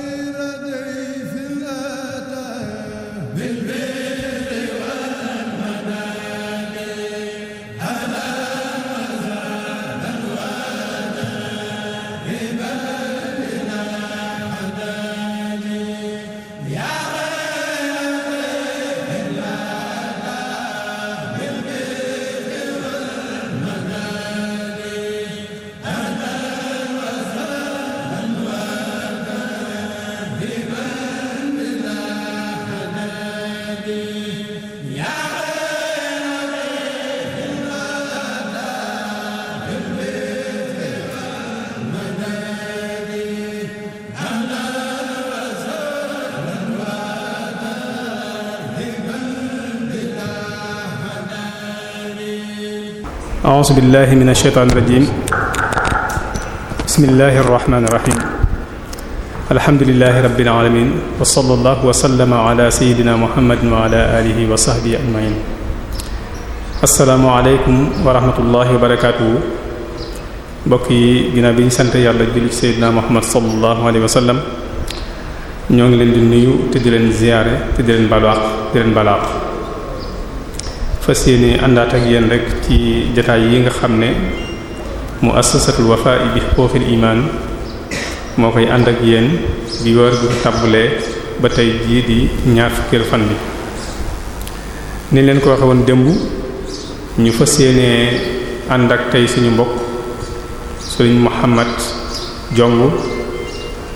خير دين aus billahi min alsheytaan irajim bismillahi arrahmani irrahim alhamdulilahi rabbil alamin wa sallallahu wa sallama ala sayidina muhammadin wa ala alihi wa sahbihi ajmain assalaamu aleykum wa rahmatullahi wa barakatuhu mbokk yi ginnaaw bi ñu sant yàlla julli ci sayidina muhammad sallallahu alayhi wa sallam ñoo ngi leen di nuyu te di leen ziyaare te di leen balwaax di leen balwaax fas yéene àndaat ak yéen rek ci jataay yi nga xam ne muassasatul Wafa bi xuquuqil imaan moo koy ànd ak yéen bi weer bi tàmbalee ba tey jii di ñaar fukkeel fan bi ni leen ko waxe woon démb ñu fas yéene ànd ak tey suñu mbokk Serigne Mohammed Jong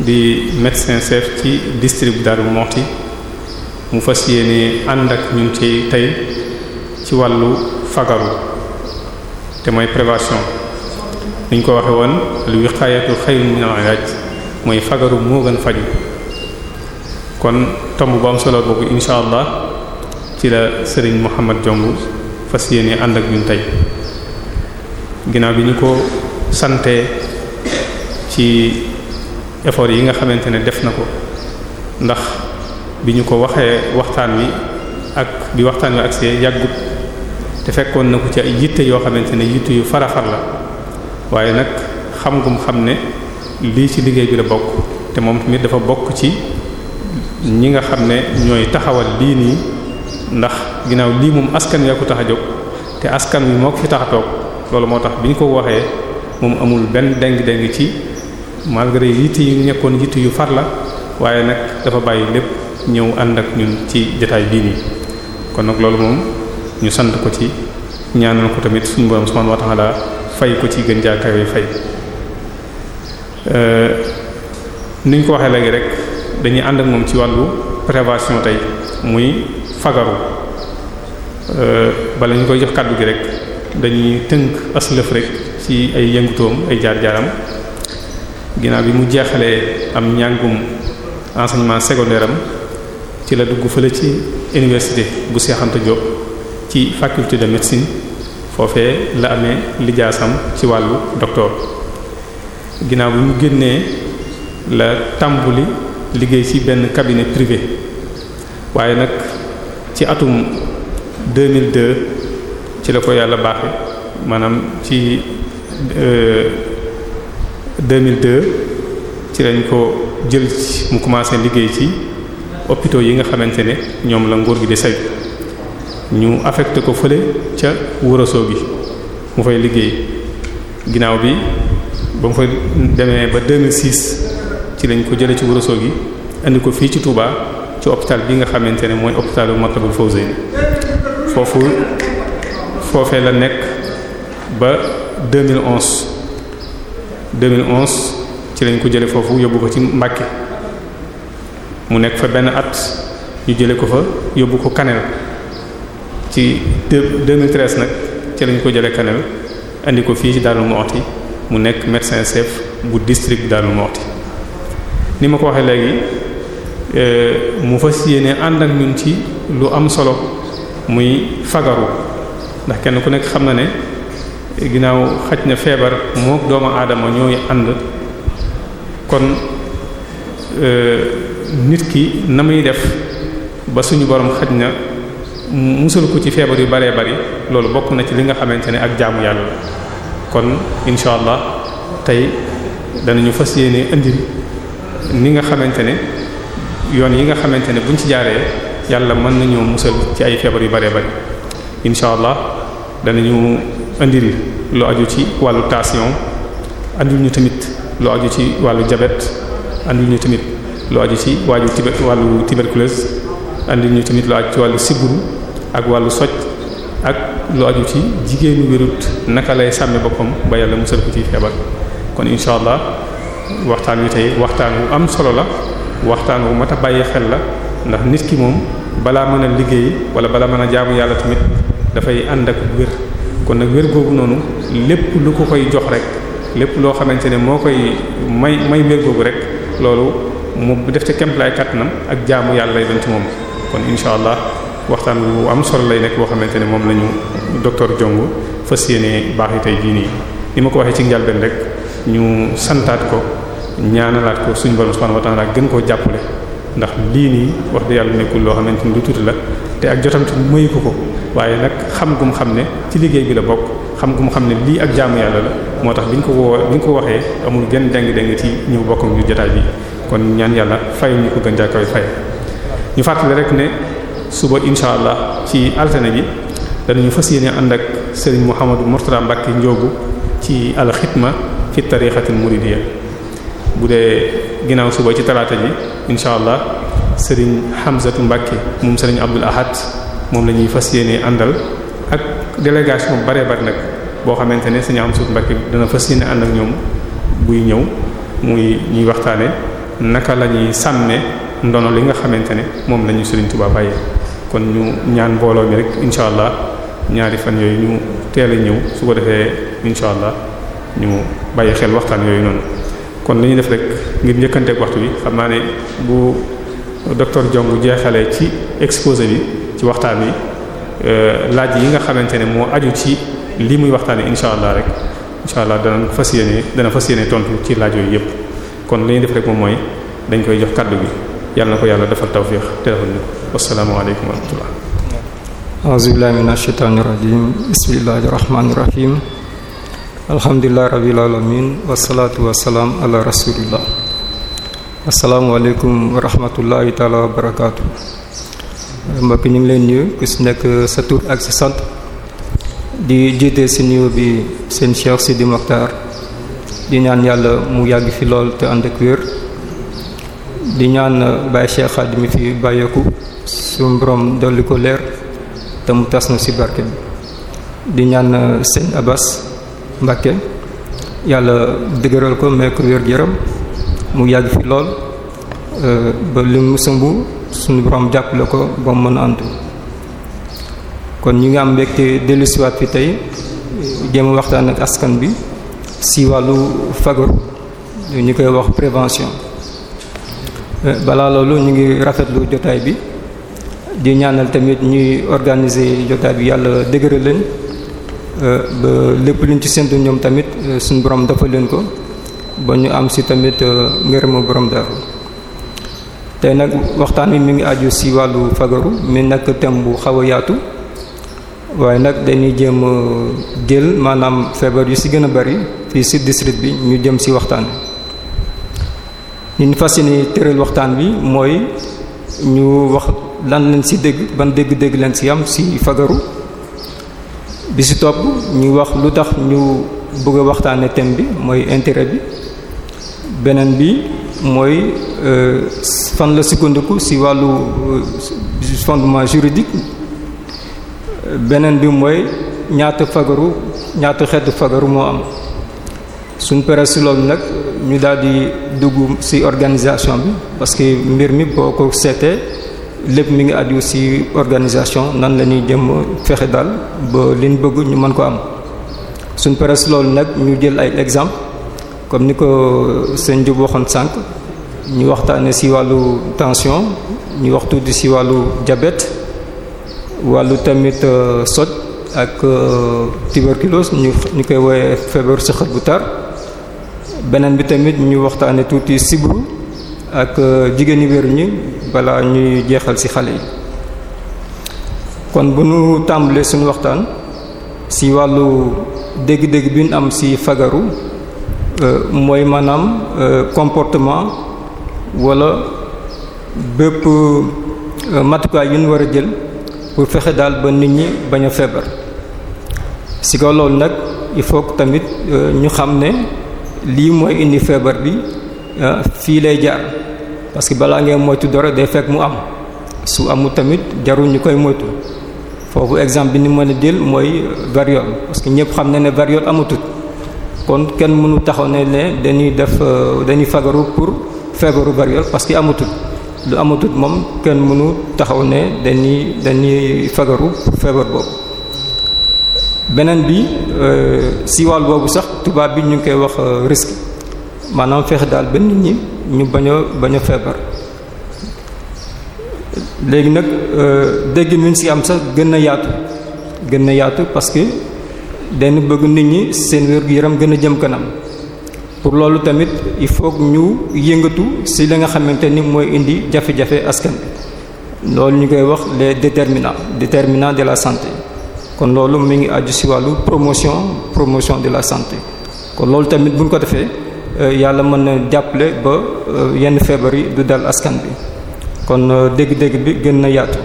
di médecin chef ci district Darou Moukhty mu fas yéene ànd ak ñun ci tey ci wàllu fagaru te mooy prévention ni ñu ko waxe woon al wiqaayatu xayrun min al ilaaj mooy fagaru moo gën faju kon tomb bu am solo boobu insha allah ci la sëriñ Muhammad Jong fas yéene ànd ak ñun tey ginnaaw bi ñu ko sante ci effort yi nga xamante ne def na ko ndax bi ñu ko waxee waxtaan wi ak bi waxtaan wi ak see yàggut te fekkoon na ko ci ay yitte yoo xamante ne yitte yu farafar la waaye nag xam ngum xam ne lii ci liggéey bi la bokk te moom tamit dafa bokk ci ñi nga xam ne ñooy taxawal bii nii ndax ginnaaw lii moom askan yaa ko tax a jóg te askan wi moo ko fi tax a toog loolu moo tax bi ñu ko waxee moom amul benn déng-déng ci malgré yitte yu nekkoon yitte yu far la waaye nag dafa bàyyi lépp ñëw ànd ak ñun ci jataay bii nii kon nag loolu moom ñu sant ko ci ñaanal ko tamit suñu borom subhanahu wa ta'ala fay ko ci gën jaakawe fay euh, niñ ko waxee léegi rek dañuy ànd ak moom ci wàllu prévention tey muy fagaru euh, bala ñu koy jox kàddu gi rek dañuy tënk aslëf rek ci ay yëngutoom ay jaar-jaaram ginnaaw bi mu jeexalee am njàngum enseignement secondaire am ci la dugg fële ci université bu Cheikh Anta ci faculté de médecine foofee la amee lijaasam ci wàllu doctor ginnaaw bi mu génnee la tàmbuli liggéey ci benn cabinet privé waaye nag ci atum 2002 ci la ko yàlla baaxe maanaam ci 2002 euh, ci lañ ko jël mu commencé liggéey ci hôpitaux yi nga xamante ne ñoom la nguur gi di say ñu affecté ko fële ca wóorasoo gi mu fay liggéey ginnaaw bi ba mu fa demee ba 2006 ci lañ ko jëlee ci wóorasoo gi indi ko fii ci Touba ci hôpital bi nga xamante ne mooy hôpitalu Matlabul Fawzayni foofu foofe la nekk ba 2011 2011 ci lañ ko jëlee foofu yóbbu ko ci Mbacké mu nekk fa benn at ñu jëlee ko fa yóbbu ko Kanel. ci 2013 nag ci lañ ko jëlee Kanel andi ko fii ci Darou Moukhty mu nekk médecin chef bu district Darou Moukhty ni ma ko waxee léegi euh, mu fas yéene ànd ak ñun ci lu am solo muy fagaru ndax kenn ku nekk xam na ne ginnaaw xaj na feebar mook doomu aadama ñooy ànd kon euh, nit ki na muy def ba suñu borom xaj na musal ko ci feebar yu baree bari loolu bokk na ci li nga xamante ne ak jaamu yàlla la kon incha allah tey danañu fas yéene indil ni nga xamante ne yoon yi nga xamante ne buñ ci jaaree yàlla mën nañoo musal ci ay feebar yu baree bari incha allah danañu indil lu aju ci wàllu tension andil ñu tamit lu aju ci wàllu jabet andil ñu tamit lu aju ci wàllu tuber wàllu tuberculose andil ñu tamit lu aju ci wàllu sibbiru ak wàllu soj ak lu aju ci jigéenu wérut naka lay sàmme boppam ba yàlla musal ko ci feebar kon incha allah waxtaan wi tey waxtaan wu am solo la waxtaan wu mat a bàyyi xel la ndax nit ki moom balaa mën a liggéey wala balaa mën a jaamu yàlla tamit dafay ànd ak wér kon nag wér googu noonu lépp lu ko koy jox rek lépp loo xamante ne moo koy may may wér googu rek loolu mu def ca kemp lay ak jaamu yàlla lay doon ci moom kon incha waxtaan wu am solo lay nekk boo xamante ne moom lañu docteur Jong fas yéene baax yi tey jii nii li ma ko waxee ci njalbeen rek ñu santaat ko ñaanalaat ko suñu borom subhanahu wa ta'ala gën koo jàppale ndax lii nii wax dëgg yàlla nekkul loo xamante ni lu tuuti la te ak jotam ci mayu ko ko waaye nag xam gum xam ne ci liggéey bi la bokk xam gum xam ne lii ak jaamu yàlla la moo tax bi ñu ko woo bi ko waxee amul gën deng-deng ci ñëw bokk ñu jotaay bi kon ñaan yàlla fay ñu ko gën jaay fay ñu fàttali rek ne suba incha allah ci altine bi danañu fas yéene ànd ak Serigne Mouhamadou Mourtada Mbacke Ndiogu ci al xitma fi tariqatil muridiyya bu dee ginnaaw suba ci talaata ji incha allah Serigne Hamzatu Mbacke moom Serigne Abdul Ahad moom la ñuy fas yéene àndal ak délégation bu bare bare nag boo xamante ne Serigne Hamzatu Mbacke dana fas yéene ànd ak ñoom buy ñëw muy ñuy waxtaane naka la ñuy sàmme ndono li nga xamante ne moom la ñu Serigne Touba bàyyee. kon ñu ñaan mbooloo mi rek incha allah ñaari fan yooyu ñu teel a ñëw su ko defee incha allah ñu bàyyi xel waxtaan yooyu noonu. kon li ñu def rek ngir njëkkanteeg waxtu bi xam naa ne bu docteur Diong jeexale ci exposé bi ci waxtaan bi euh, laaj yi nga xamante ne moo aju ci lii muy waxtaan waxtaanee incha allah rek. incha allah dana fas yéene dana fas yéene tontu ci laaj yooyu yëpp kon li def rek moom mooy dañ koy jox kàddu bi yàlla na ko yàlla defal tawfiix te defal ñu ko wassalaamu aleykum wa rahmatullah a'uuzu rajiim bismillahir rahmaanir rahiim alhamdulillahi rabbil alamin wassalaatu wassalaam ala rasulillah assalaamu aleykum wa rahmatullahi wa barakaatu mbokk ñu ngi leen nuyu ku ci nekk sa tur ak sa sant di jiite ci nuyu bi seen Cheikh Sidi Mokhtar di ñaan yàlla mu yàgg fi lool te ànd ak di ñaan Baye Cheikh Xadim mi fi bàyyeeku suñu borom dolli ko leer te mu tas na ci barke bi di ñaan uh, sëñ Abbas Mbacke yàlla dëgëral ko may ko wér yaram mu yàgg fi lool uh, ba li mu sumb suñu borom jàppale ko ba mu mën a àndu kon ñi ngi am mbégte dellusiwaat fi tey jéem waxtaan ak askan bi ci wàllu fagaru ñu koy wax prévention. Eh, balaa loolu ñu ngi rafetlu jotaay bi di ñaanal tamit ñuy organiser jotaay bi yàlla dëgëral leen eh, ba lépp luñ ci séntu ñoom tamit eh, suñ borom dafa leen ko ba ñu am si tamit ngërëmu borom daaru tey nag waxtaan wi mu ngi aju si wàllu fagaru mi nekk thème bu xaw a yaatu waaye nag dañuy jéem a jël maanaam feebar yu si gën a bari fii si district bi ñu jëm si waxtaan li ñu fas yéene tëral waxtaan bi mooy ñu wax lan lañ ci dégg ban dégg-dégg leen si am si fagaru bi si topp ñu wax lu tax ñu bëgg a waxtaane thème bi mooy intérêt bi beneen bi mooy euh, fan la sukkandiku ci wàllu euh, fondement juridique beneen bi mooy ñaata fagaru ñaata xeetu fagaru moo am suñ pare ci loolu nag ñu daal di dugg ci organisation bi parce que mbir mi boo ko seetee lépp mu ngi aju ci organisation nan la ñuy jëm fexe daal ba lin bëgg ñu mën ko am suñ presse loolu nag ñu jël ay exemple comme ni ko sëñ Diop waxoon sànq ñu waxtaane ci wàllu tension ñu waxtu tuuti ci wàllu jabet wàllu tamit euh, soj ak euh, tuberculose ñu ñu koy woowee feebar sa bu tar beneen bi tamit ñu waxtaane tuuti sibru ak euh, jigéen ñi wéru ñi balaa ñuy jeexal ci xale yi kon bu ñu tàmbalee suñu waxtaan ci wàllu dégg-dégg bi ñu am ci fagaru euh, mooy maanaam euh, comportement walla bépp matukaay yu ñu war a jël pour fexe daal ba nit ñi bañ feebar ci kaw nag il faut tamit ñu xam ne. lii mooy indi feebar bi euh, fii lay jaar parce que balaa ngeen moytu dara day fekk mu am su amul tamit jarul ñu koy moytu foofu exemple bi ni mën a jël mooy variole parce que ñëpp xam na ne varior amatut kon kenn mënu taxaw ne ne dañuy def euh, dañuy fagaru pour feebaru variole parce que amatut lu amatut moom kenn mënu taxaw ne dañuy dañuy fagaru pour feebar boobu. beneen bi euh, si wàll boobu sax tubaab bi ñu ngi koy wax euh, risque maanaam fexe daal benn nit ñi ñu bañoo a feebar léegi nag euh, dégg nañ si am sax gën a yaatu gën a yaatu parce que dañ bëgg nit ñi seen wér-gu-yaram gën a jëm kanam pour loolu tamit il faut ñu yëngatu si li nga xamante ni mooy indi jafe-jafe askan bi loolu ñu koy wax les déterminants déterminants de la santé. kon loolu mi ngi aju ci wàllu promotion promotion de la santé kon loolu tamit bu ñu ko defee euh, yàlla mën na jàppale ba euh, yenn feebar yi du dal askan bi kon euh, dégg-dégg bi gën na yaatu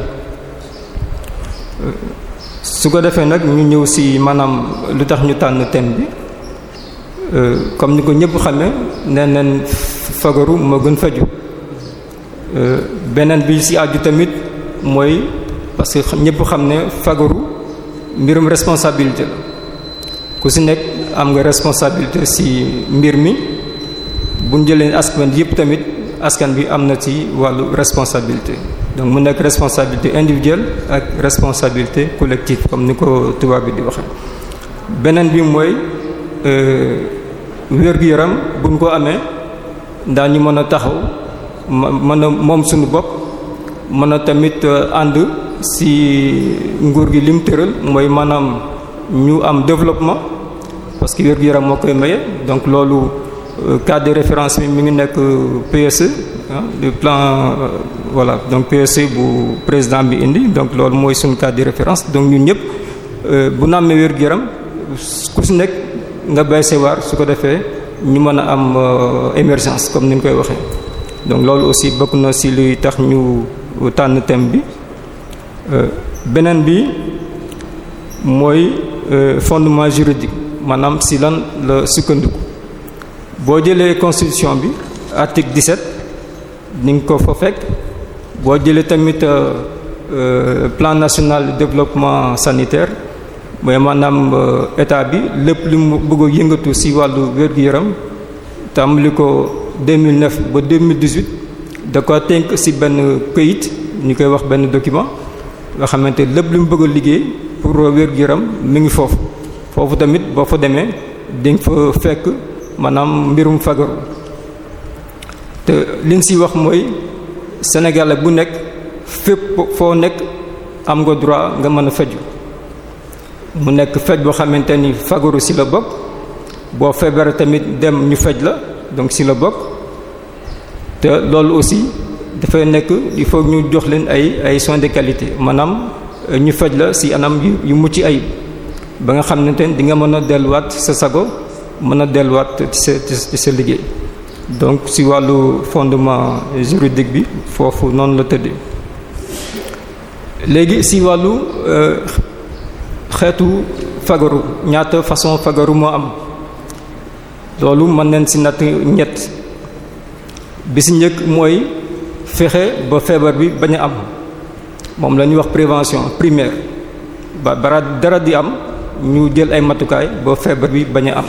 su ko defee nag ñu ñëw si maanaam lu tax ñu tànn thème bi comme ni ko ñëpp xamee nee nañ fagaru ma gën faju beneen bi ci aju tamit mooy parce que ñëpp xam ne fagaru. mbirum responsabilité la ku si nekk am nga responsabilité si mbir mi bu ñu jëlee askan yëpp tamit askan bi am na ci wàllu responsabilité donc mu nekk responsabilité individuelle ak responsabilité collective comme ni ko tubaab bi di waxee. beneen bi mooy euh, wér-gu-yaram bu ñu ko amee daañu mën a taxaw mën a moom suñu bopp mën a tamit euh, ànd. si nguur gi lim tëral mooy maanaam ñu am développement parce que wér gu yaram moo koy maye donc loolu euh, cadre de référence bi mi ngi nekk PSE ah le plan euh, voilà donc PSE bu président bi indi donc loolu mooy suñ cadre de référence donc ñun ñëpp euh, bu ñu amee wér yaram ku si nekk nga bay sewaar su ko defee ñu mën a am émergence comme ni ñu koy waxee donc loolu aussi bokk na si luy tax ñu tànn thème bi. Euh, beneen bi mooy euh, fondement juridique maanaam si lan la sukkandiku boo jëlee constitution bi article 17 ni nga ko fa fekk boo jëlee tamit euh, plan national de développement sanitaire mooy maanaam état bi lépp lu mu bëgg yëngatu si wàllu wér-gu-yaram tàmbali ko 2009 ba 2018 da ko tënk si benn këyit ñu koy wax benn document nga xamante lépp lu mu bëgg a liggéey pour wér-gu-yaram mu ngi foofu foofu tamit boo fa demee dinga fa fekk maanaam mbirum fagaru te liñ si wax mooy sénégalais bu nekk fépp foo nekk am nga droit nga mën a faju mu nekk faj boo xamante ni fagaru si la bokk boo feebaree tamit dem ñu faj la donc si la bokk te loolu aussi dafay nekk il faut ñu jox leen ay ay soins de qualité maanaam euh, ñu faj la si anam yu mucc ayib ba nga xam ne te di nga mën a delluwaat sa sago mën a delluwaat ci sa ci sa liggéey donc si wàllu fondement juridique bi foofu noonu la tëddee léegi si wàllu euh, xeetu fagaru ñaata façon fagaru moo am loolu mën nañ si natt ñett bi si njëkk mooy. fexe ba feebar bi bañ a am moom la ñuy wax prévention primaire ba bara dara di am ñu jël ay matukaay bo feebar bi bañ a am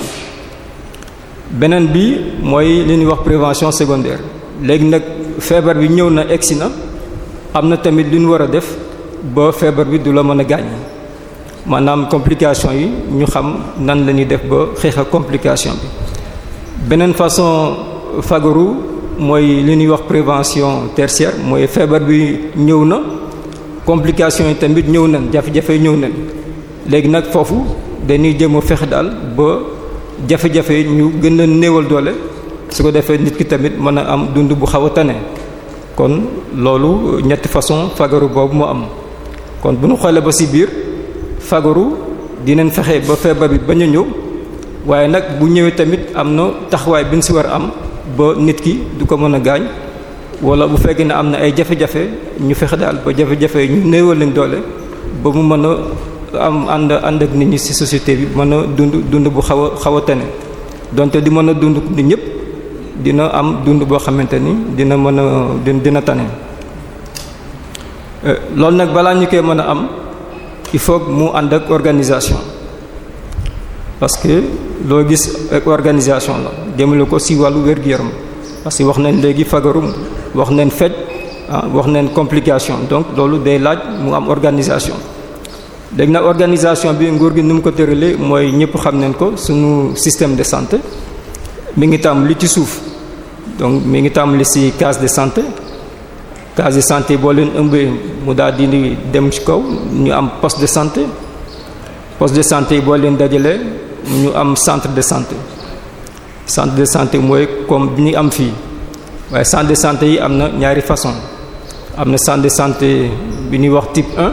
beneen bi mooy li ñuy wax prévention secondaire léegi nag feebar bi ñëw na egsi na am na tamit lu ñu war a def ba feebar bi du la mën a gaañ maanaam complication yi ñu xam nan la ñuy def ba xeex ak complication bi beneen façon fagaru mooy li ñuy wax prévention tertiaire mooy feebar bi ñëw na complication yi tamit ñëw nañ jafe-jafe ñëw nañ léegi nag foofu dañuy jéem a fexe daal ba jafe-jafe ñu gën a néewal doole su ko defee nit ki tamit mën a am dund bu xaw a tane kon loolu ñetti façon fagaru boobu mu am kon bu ñu xoolee ba si biir fagaru dinañ fexe ba feebar bi bañ a ñëw waaye nag bu ñëwee tamit am na taxawaay bi ñu si war a am. ba nit ki du ko mën a gaañ wala bu fekkee ne am na ay jafe-jafe ñu fexe daal ba jafe-jafe ñu néewal leen doole ba mu mën a am ànd ànd ak nit ñi ci société bi mën a dund dund bu xaw a xaw a tane donte di mën a dund nit ñépp dina am dund boo xamante ni dina mën a dina tane euh, loolu nag balaa ñu koy mën a am il faut mu ànd ak organisation parce loo gis eh, organisation la jëmale ko ci wàllu wér-gu-yaram parce que wax nañ léegi fagarum wax nañ faj ah wax neen complication donc loolu day laaj mu am organisation. léegi na organisation bi nguur gi ni mu ko tëralee mooy ñépp xam neen ko suñu système de santé mi ngi li ci suuf donc mi ngi tàmbali ci case de santé. case de santé boo leen ëmbee mu daal di dem ci kaw ñu am poste de santé poste de santé boo leen dajalee. ñu am centre de santé centre de santé mooy comme bi ñu am fii waaye centre de santé yi am na ñaari façon am na centre de santé bi ñuy wax type 1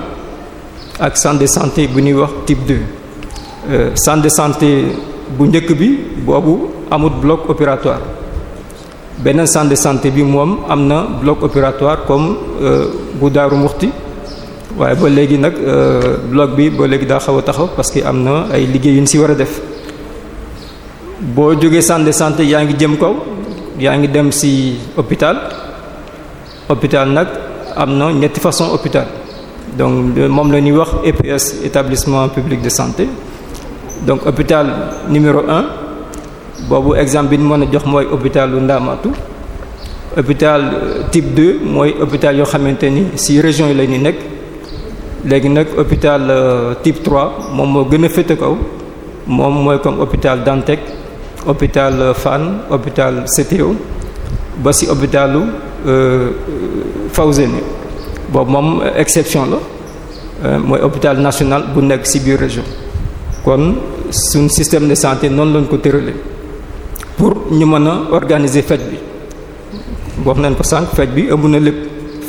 ak centre de santé bu ñuy wax type 2 euh, centre de santé bu njëkk bi boobu amul bloc opératoire beneen centre de santé bi moom am na bloc opératoire comme euh, bu Daaru Muxti waaye ba léegi nag euh, blog bi ba léegi daa xaw a taxaw parce que am na ay liggéey yu ñu ci war a def boo jógee centre de santé yaa ngi jëm kaw yaa ngi dem si hôpital hôpital nag am na ñetti façon hôpital donc moom la ñuy wax EPS établissement public de santé donc hôpital numéro un boobu exemple bi ñu mën a jox mooy hôpitalu Ndamatou hôpital euh, type 2 mooy hôpital yoo xamante ni ci région yi la ñuy nekk léegi nag hôpital euh, type 3 moom moo gën a féete kaw moom mooy comme hôpital Dantec hôpital euh, Fann hôpital CTO ba ci hôpitalu euh, Fawzeni boobu moom exception la mooy hôpital national bu nekk ci biir région kon suñ système de santé noonu lañ ko tëralee pour ñu mën a organiser fête bi wax nañ ko sànq fête bi ëmb na lépp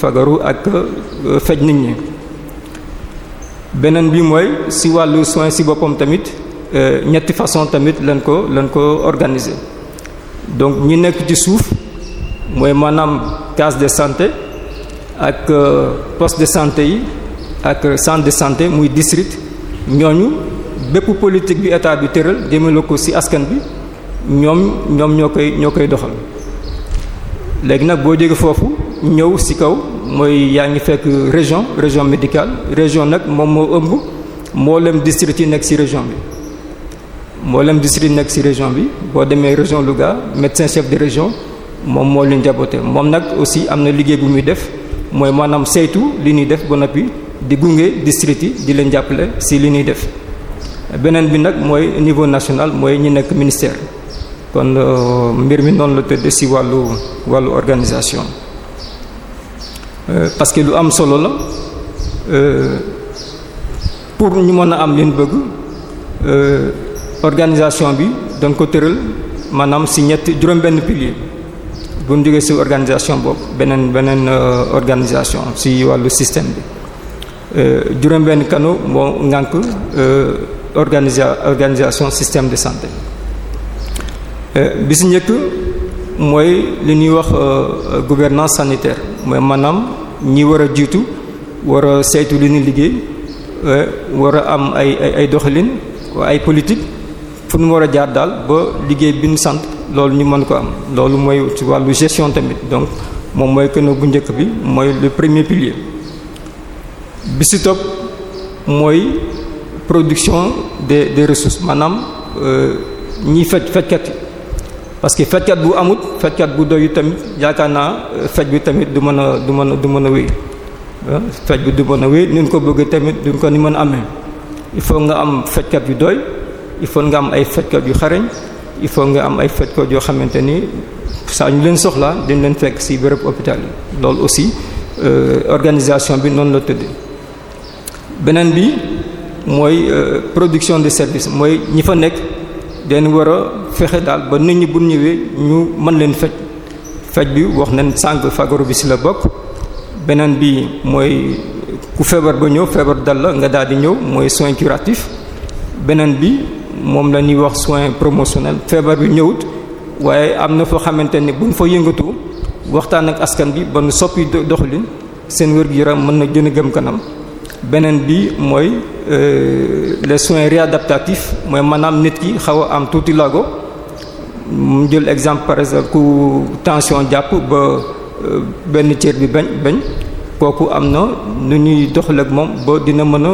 fagaru ak faj nit ñi beneen bi mooy si wàllu soin si boppam tamit euh, ñetti façon tamit lañ ko lañ ko organiser donc ñi nekk ci suuf mooy maanaam case de santé ak euh, poste de santé yi ak centre de santé muy district ñooñu bépp politique bi état bi tëral jëmale ko ci askan bi ñoom ñoom ñoo koy ñoo koy doxal léegi nag boo jógee foofu ñëw si kaw mooy yaa ngi fekk région région médicale région nag moom moo ëmb mboolem district yi nekk ci région bi mboolem district yi nekk ci région bi boo demee région Louga médecin chef de région moom moo leen jaboote moom nag aussi am na liggéey bu muy def mooy maanaam saytu li ñuy def ba noppi di gunge district yi di leen jàppale si li ñuy def beneen bi nag mooy niveau national mooy ñu nekk ministère kon euh, mbir mi noonu la tëdd si wàllu wàllu organisation euh, parce que lu am solo la euh, pour ñu mën a am li ñu bëgg organisation bi dañ ko tëral maanaam si ñett juróom-benn pilier bu ñu jógee ci organisation boobu beneen beneen organisation si wàllu système bi juróom-benn kano moo ngànk organisa organisation système de santé. Euh, bi si njëkk mooy li ñuy wax euh, euh, gouvernance sanitaire mooy maanaam ñi war a jiitu war a saytu li ñuy liggéey war a am ay ay doxalin ay politique fu ñu war a jaar daal ba liggéey bi ñu sant loolu ñu mën ko am loolu mooy ci wàllu gestion tamit donc moom mooy kenn bu njëkk bi mooy le premier pilier bi si topp mooy production des des ressources maanaam ñiy faj fajkat parce que fajkat bu amut fajkat bu doyu tamit yaakaar naa euh, faj bi tamit du mën a du mën a du mën a wéy euh, faj bi du mën a wéy ni ko bëggee tamit duñ ko ni mën a amee il faut nga am fajkat yu doy il faut nga am ay fajkat yu xareñ il faut nga am ay fajkat yoo xamante ni saa ñu leen soxla dañ leen fekk ci béréb hôpital yi loolu aussi euh, organisation bi noonu la tëddee beneen bi mooy production de service mooy ñi fa nekk. den war fexe daal ba nit ñi bu ñëwee ñu mën leen faj faj bi wax nañ sànq fagoro bi ci la bokk beneen bi mooy ku feebar ba ñëw feebar dal la nga daal di ñëw mooy soin curatif beneen bi moom la ñuy wax soin promotionnel feebar bi ñëwut waaye am na foo xamante ni buñ fa yëngatoo waxtaan ak askan bi ba nu soppi doxalin seen wér-gu-yaram mën na jën a gëm kanam beneen bi mooy euh, les soins réadaptatifs mooy maanaam nit ki xaw a am tuuti lago mu jël exemple par exemple ku tension jàpp ba euh, benn cër bi bañ bañ kooku am na nu ñuy doxal moom ba dina mën a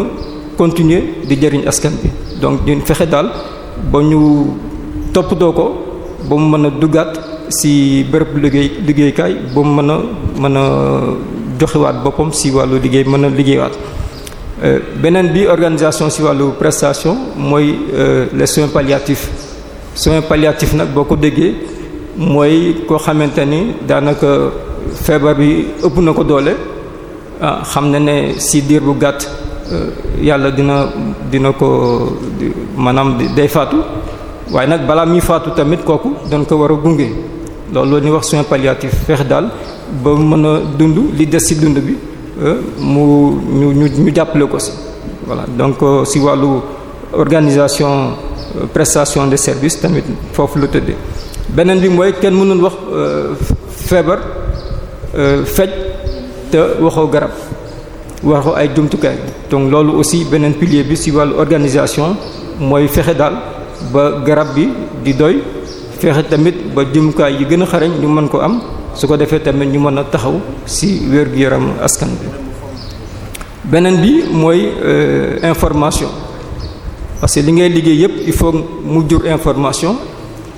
continuer di jëriñ askan bi donc ñu fexe daal ba ñu toppatoo ko ba mu mën a duggaat si bërëb liggéey liggéeykaay ba mu mën a mën a joxewaat boppam si wàllu liggéey mën a liggéeywaat Euh, beneen bi organisation ci wàllu prestation mooy euh, les soins palliatifs soins palliatifs nag boo ko déggee mooy koo xamante ni daanaka feebar bi ëpp na ko doole ah xam na ne si diir bu gàtt euh, yàlla dina dina ko maanaam day faatu waaye nag balaa muy faatu tamit kooku dañ ko war a gunge loolu la ñuy wax soins palliatifs feex daal ba mën a dund li des ci dund bi. Euh, mu ñu ñu ñu jàppale ko si voilà donc euh, si wàllu organisation euh, prestation de service tamit foofu la tëddee beneen bi mooy kenn mënul wax feebar fej te waxoo garab waxoo ay jumtukaay donc loolu aussi beneen pilier bi si wàllu organisation mooy fexe daal ba garab bi di doy fexe tamit ba jumtukaay yi gën a xarañ ñu mën ko am su ko defee tamit ñu mën a taxaw si wér-gu-yaram askan bi beneen bi mooy euh, information parce que li ngay liggéey yépp il faut mu jur information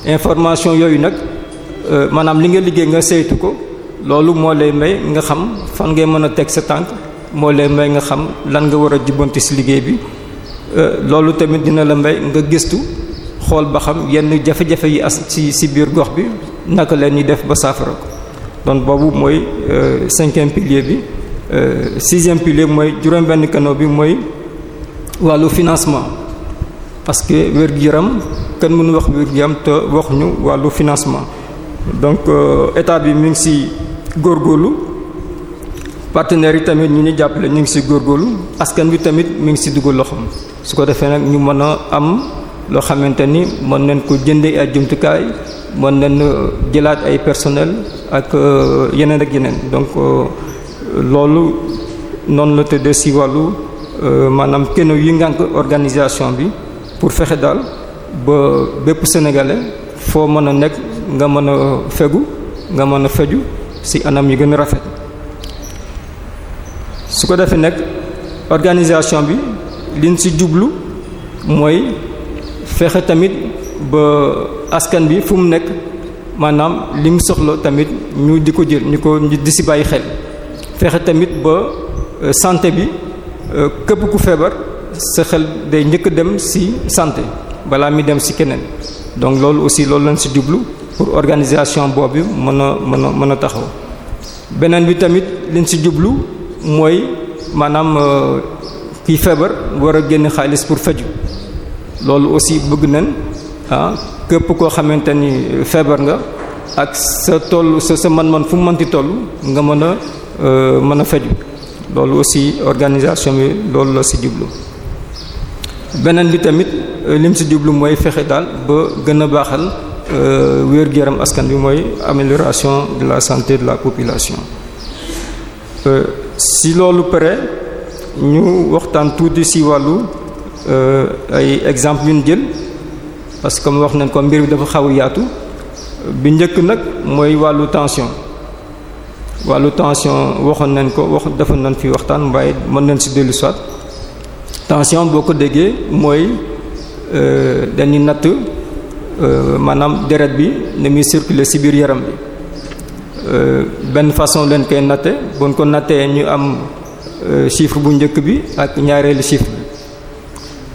information yooyu nag euh, maanaam li nga liggéey nga saytu ko loolu moo lay may nga xam fan ngay mën a teg sa tànk moo lay may nga xam lan nga war a jubbanti si liggéey bi euh, loolu tamit dina la may nga gistu xool ba xam yenn jafe-jafe yi as si si biir gox bi naka leen ñuy def ba saafara ko donc boobu mooy euh, cinquième pilier bi euh, sixième pilier mooy juróom-benn kano bi mooy wàllu financement parce que wér-gu-yaram kenn mënu wax wér-gu-yaram te waxuñu wàllu financement donc euh, état bi mi ngi ci góorlu partenaires yi tamit ñu ñu jàppale ñu ngi ci góorgóorlu askan bi tamit mi ngi ci duggu loxoom su ko defee nag ñu mën a am. loo xamante ni mën nañ ko jëndee ay jumtukaay mën nañ jëlaat ay personnel ak euh, yeneen ak yeneen donc euh, loolu noonu la tëddee si wàllu euh, maanaam keno yi ngànk organisation bi pour fexe daal ba bépp sénégalais foo mën a nekk nga mën a fegu nga mën a feju si anam yi gën a rafet su ko defee nekk organisation bi liñ si jublu mooy fexe tamit ba askan bi fu mu nekk maanaam li soxla tamit ñu di ko jël ñu ko di si bàyyi xel fexe tamit ba euh, santé bi euh, képp ku feebar sa xel day njëkk dem si santé balaa mi dem si keneen donc loolu aussi loolu lañ si jublu pour organisation boobu mën mën a mën a taxaw beneen bi tamit liñ si jublu mooy maanaam euh, kiy feebar war a génn xaalis pour faju loolu aussi bëgg nañ ah képp koo xamante ni feebar nga ak sa toll sa sa man-man fu mu mënti toll nga mën a euh, mën a faju loolu aussi organisation bi loolu la si jublu beneen bi tamit euh, lim ci jublu mooy fexe daal ba gën a baaxal euh, wér gu yaram askan bi mooy amélioration de la santé de la population ci loolu pare ñu waxtaan tuuti ci wàllu Euh, ay exemple ñun jël parce que wax nañ ko mbir bi dafa xaw yaatu bi njëkk nag mooy wàllu tension wàllu tension waxoon nañ ko wax defoon nañ fi waxtaan waaye mën nañ si dellu soit tension boo ko déggee mooy euh, dañuy natt euh, maanaam deret bi ne muy circuler si biir yaram bi benn façon leen koy natte buñ ko nattee ñu am chiffre bu njëkk bi ak ñaareelu chiffre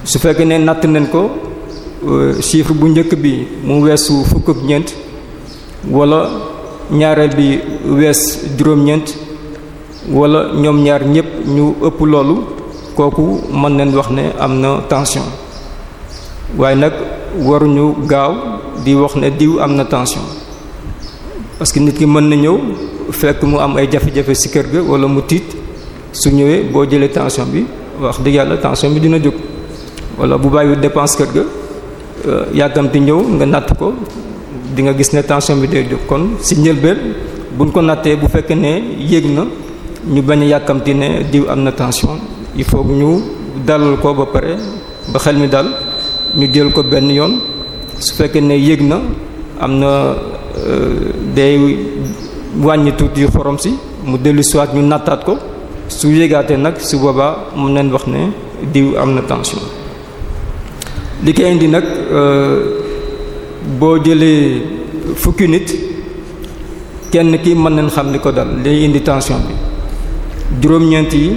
su fekkee ne natt nañ ko euh, chiffre bu njëkk bi mu weesu fukk ak ñeent wala ñaareel bi wees juróom-ñeent wala ñoom ñaar ñépp ñu ëpp loolu kooku mën nañ wax ne am na tension waaye nag waruñu gaaw di wax ne diw am na tension parce que nit ki mën na ñëw fekk mu am ay jafe-jafe ci kër ga wala mu tiit su ñëwee boo jëlee tension bi wax dëgg yàlla tension bi dina jóg wala bu bàyyiwul dépense kër ga euh, yàggamti ñëw nga natt ko di nga gis ne tension bi day jóg kon si njëlbeen buñ ko nattee bu fekkee ne yéeg na ñu bañ a ne diw am na tension il faut ñu dalal ko ba pare ba xel mi dal ñu jël ko benn yoon su fekkee ne yéeg na am na euh, day wàññi tuuti xorom si mu dellu soit ñu nattaat ko su yéegaatee nag su boobaa mun nañ wax ne diw am na tension li koy indi nag euh, boo jëlee fukki nit kenn ki mën nañ xam li ko dal li indi tension bi juróom-ñeent yi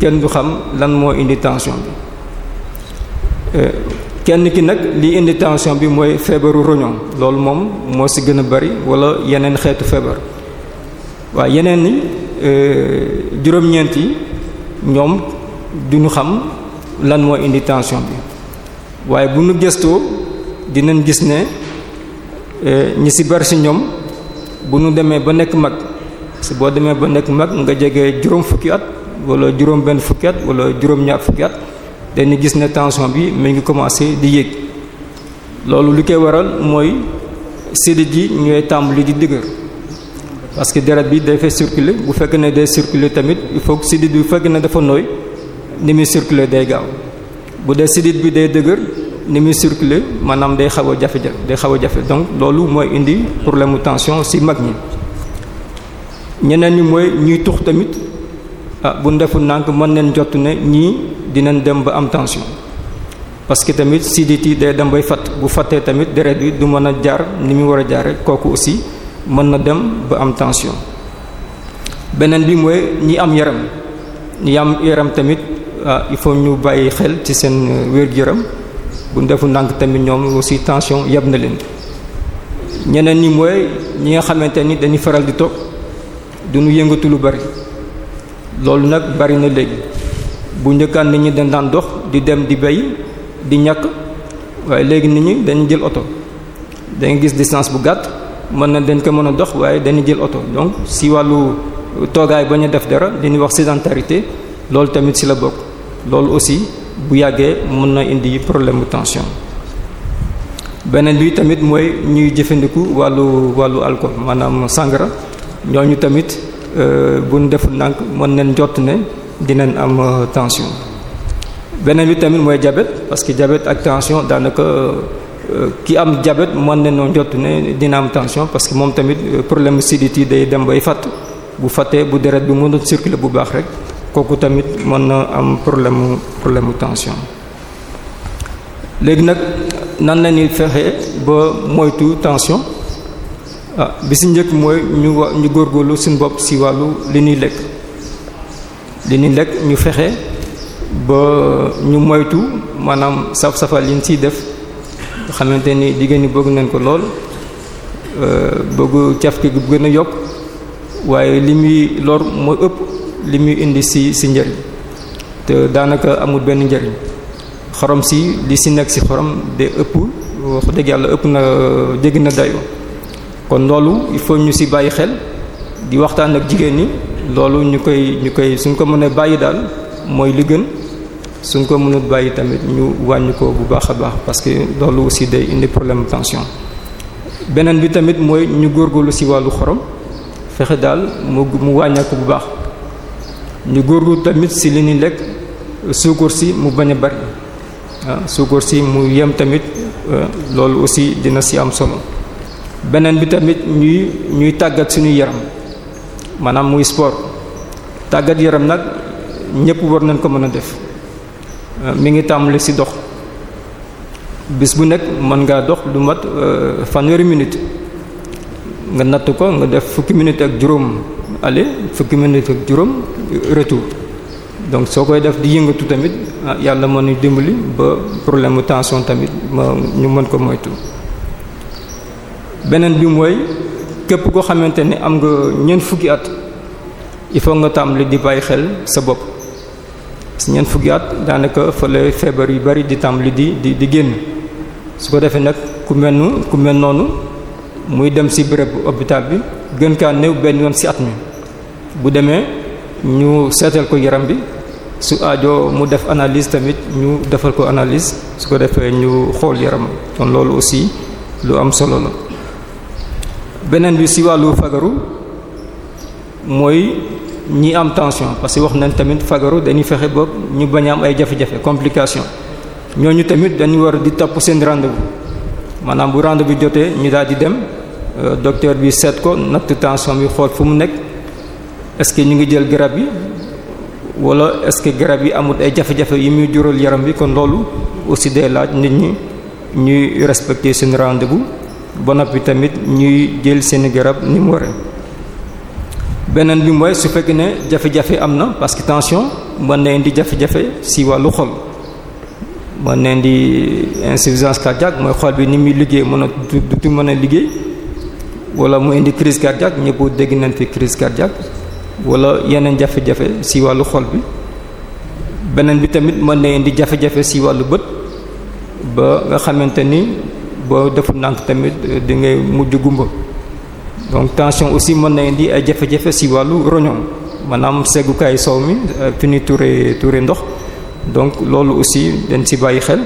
kenn du xam lan moo indi tension bi euh, kenn ki nag li indi tension bi mooy feebaru roñon loolu moom moo si gën a bari walla yeneen xeetu feebar waaye yeneen ni euh, juróom-ñeent yi ñoom duñu xam lan moo indi tension bi waaye bu nu gëstoo dinañ gis ne e, ñi si bari si ñoom bu nu demee ba nekk mag ci boo demee ba nekk mag nga jege juróom fukki at wala juróom benn fukki at wala juróom ñaar fukki at dañu gis ne tension bi mu ngi commencer di yéeg loolu li koy waral mooy sidit ji ñooy tàmbali di dëgër parce que deret bi day fay circuler bu fekk ne day circuler tamit il faut sidit bi bu fekk na dafa nooy ni muy circuler day gaaw bu dee sidit bi day dëggër ni muy circuler maanaam day xaw a jafe day xaw a jafe donc loolu mooy indi problème mu tension ci mag ñi ñeneen ñi mooy ñuy tux tamit ah bu ndefu nànk mën neen jot ne ñii dinañ dem ba am tension parce que tamit sidit yi day dem bay fatt bu fattee tamit deret bi du mën a jaar ni muy war a jaare kooku aussi mën na dem ba am tension beneen bi mooy ñi am yaram ñi am yaram tamit ah il faut ñu bàyyi xel ci seen euh, wér-gu-yaram bu ndefu ndànk tamit ñoom aussi tension yeb na leen ñeneen ñi mooy ñi nga xamante ni dañuy faral di toog duñu yëngatu lu bari loolu nag bari na léegi bu njëkkaan nit ñi daan dox di dem di bay di ñàkk waaye léegi nit ñi dañu jël oto dañu gis distance bu gàtt mën na dañ ko mën a dox waaye dañu jël oto donc si wàllu euh, toogaay bañ a def dara li wax sédentarité loolu tamit ci la bokk loolu aussi bu yàggee mën na indi problème mu tension beneen bi tamit mooy ñuy jëfandiku wàllu wàllu alcool maanaam sangara ñooñu tamit bu euh, buñ deful ndànk mën nañ jot ne dinañ am euh, tension beneen bi tamit mooy jabet parce que diabète ak tension daanaka euh, ki am jabet mën nañoo jot ne dina am tension parce que moom tamit problème sidit day dem bay fàtt bu fàttee bu deret bi mënul circuler bu baax rek kooku tamit mën na am problème mu problème mu tension léegi nag nan la ñuy fexe ba moytu tension ah bi si njëkk mooy ñu wa ñu góorlu suñ bopp si wàllu li ñuy lekk li ñuy lekk ñu fexe ba ñu moytu maanaam saf-safal yi ñu siy def nga xamante ni jigéen ñi bëgg nañ ko lool euh, bëgg caf ki gën a yokk waaye li muy lor mooy ëpp. li muy indi si si njëriñ te daanaka amul benn njëriñ xorom si li si nekk si xorom de ëpp wax dëgg yàlla ëpp na jégg na dayoo kon loolu il faut ñu si bàyyi xel di waxtaan ak jigéen ñi loolu ñu koy ñu koy suñ ko mënee bàyyi daal mooy li gën suñ ko mënut bàyyi tamit ñu wàññi ko bu baax a baax parce que loolu si de indi problème tension beneen bi tamit mooy ñu góor góorlu si wàllu xorom fexe daal mu mu wàññeeku bu baax. ñu góorgóorlu tamit ci li ñuy lekk suukar si mu bañ a bari ah suukar si mu yem tamit ah, loolu aussi dina ci am solo beneen bi tamit ñuy ñuy tàggat suñu yaram maanaam muy sport tàggat yaram nag ñépp war nañ ko mën a def ah, mi ngi tàmbali si dox bis bu nekk mën ngaa dox du mat ah, fanweeri minute. nga natt ko nga def fukki minute ak juróom aller fukki minute ak juróom retour donc soo koy def di yëngatu tamit ah, yàlla mën ñu dimbali ba problème mu tension tamit ma ñu mën ko moytu. beneen bi mooy képp koo xamante ne am nga ñeent fukki at il faut nga tàmbali di bàyyi xel sa bopp si ñeent fukki at daanaka fa la feebar yu bari di tàmbali di di di génn su ko defee nag ku mel ku mel noonu. muy dem ci béréb hôpital bi gën kaa néew benn yoon ci at mi bu demee ñu seetal ko yaram bi su ajo mu def analyse tamit ñu defal ko analyse su ko defee ñu xool yaram kon loolu aussi lu am solo la beneen bi ci wàllu fagaru mooy ñi am tension parce que wax nañ tamit fagaru dañuy fexe ba ñu bañ am ay jafe-jafe complication ñooñu tamit dañu war di topp seen rendez-vous maanaam bu rendez bi jotee ñu daal di dem Euh, docteur bi seet ko natt tension bi xool fu mu nekk est-ce que ñu ngi jël garab yi wala est-ce que garab yi amul ay jafe-jafe yi muy jural yaram bi kon loolu aussi day laaj nit ñi ñuy respecter seen rendez-vous ba noppi tamit ñuy jël seen garab ni mu waree. beneen bi mooy su fekkee ne jafe-jafe am na parce que tension mën na indi jafe-jafe si wàllu xol mën na indi insuffisance cardiaque mooy xol bi ni muy liggéey mën a du du mën a liggéey. wala mu indi crise cardiaque ñëpp dégg nañ fi crise cardiaque wala yeneen jafe-jafe si wàllu xol bi beneen bi tamit mën na indi jafe-jafe si wàllu bët ba xamante ni boo defu ndànk tamit euh, di mujj gumba donc tension aussi mën na indi ay jafe-jafe si wàllu roñoom maanaam seggukaay sow mi euh, fi ñuy tuure tuure ndox donc loolu aussi dañ si bàyyi xel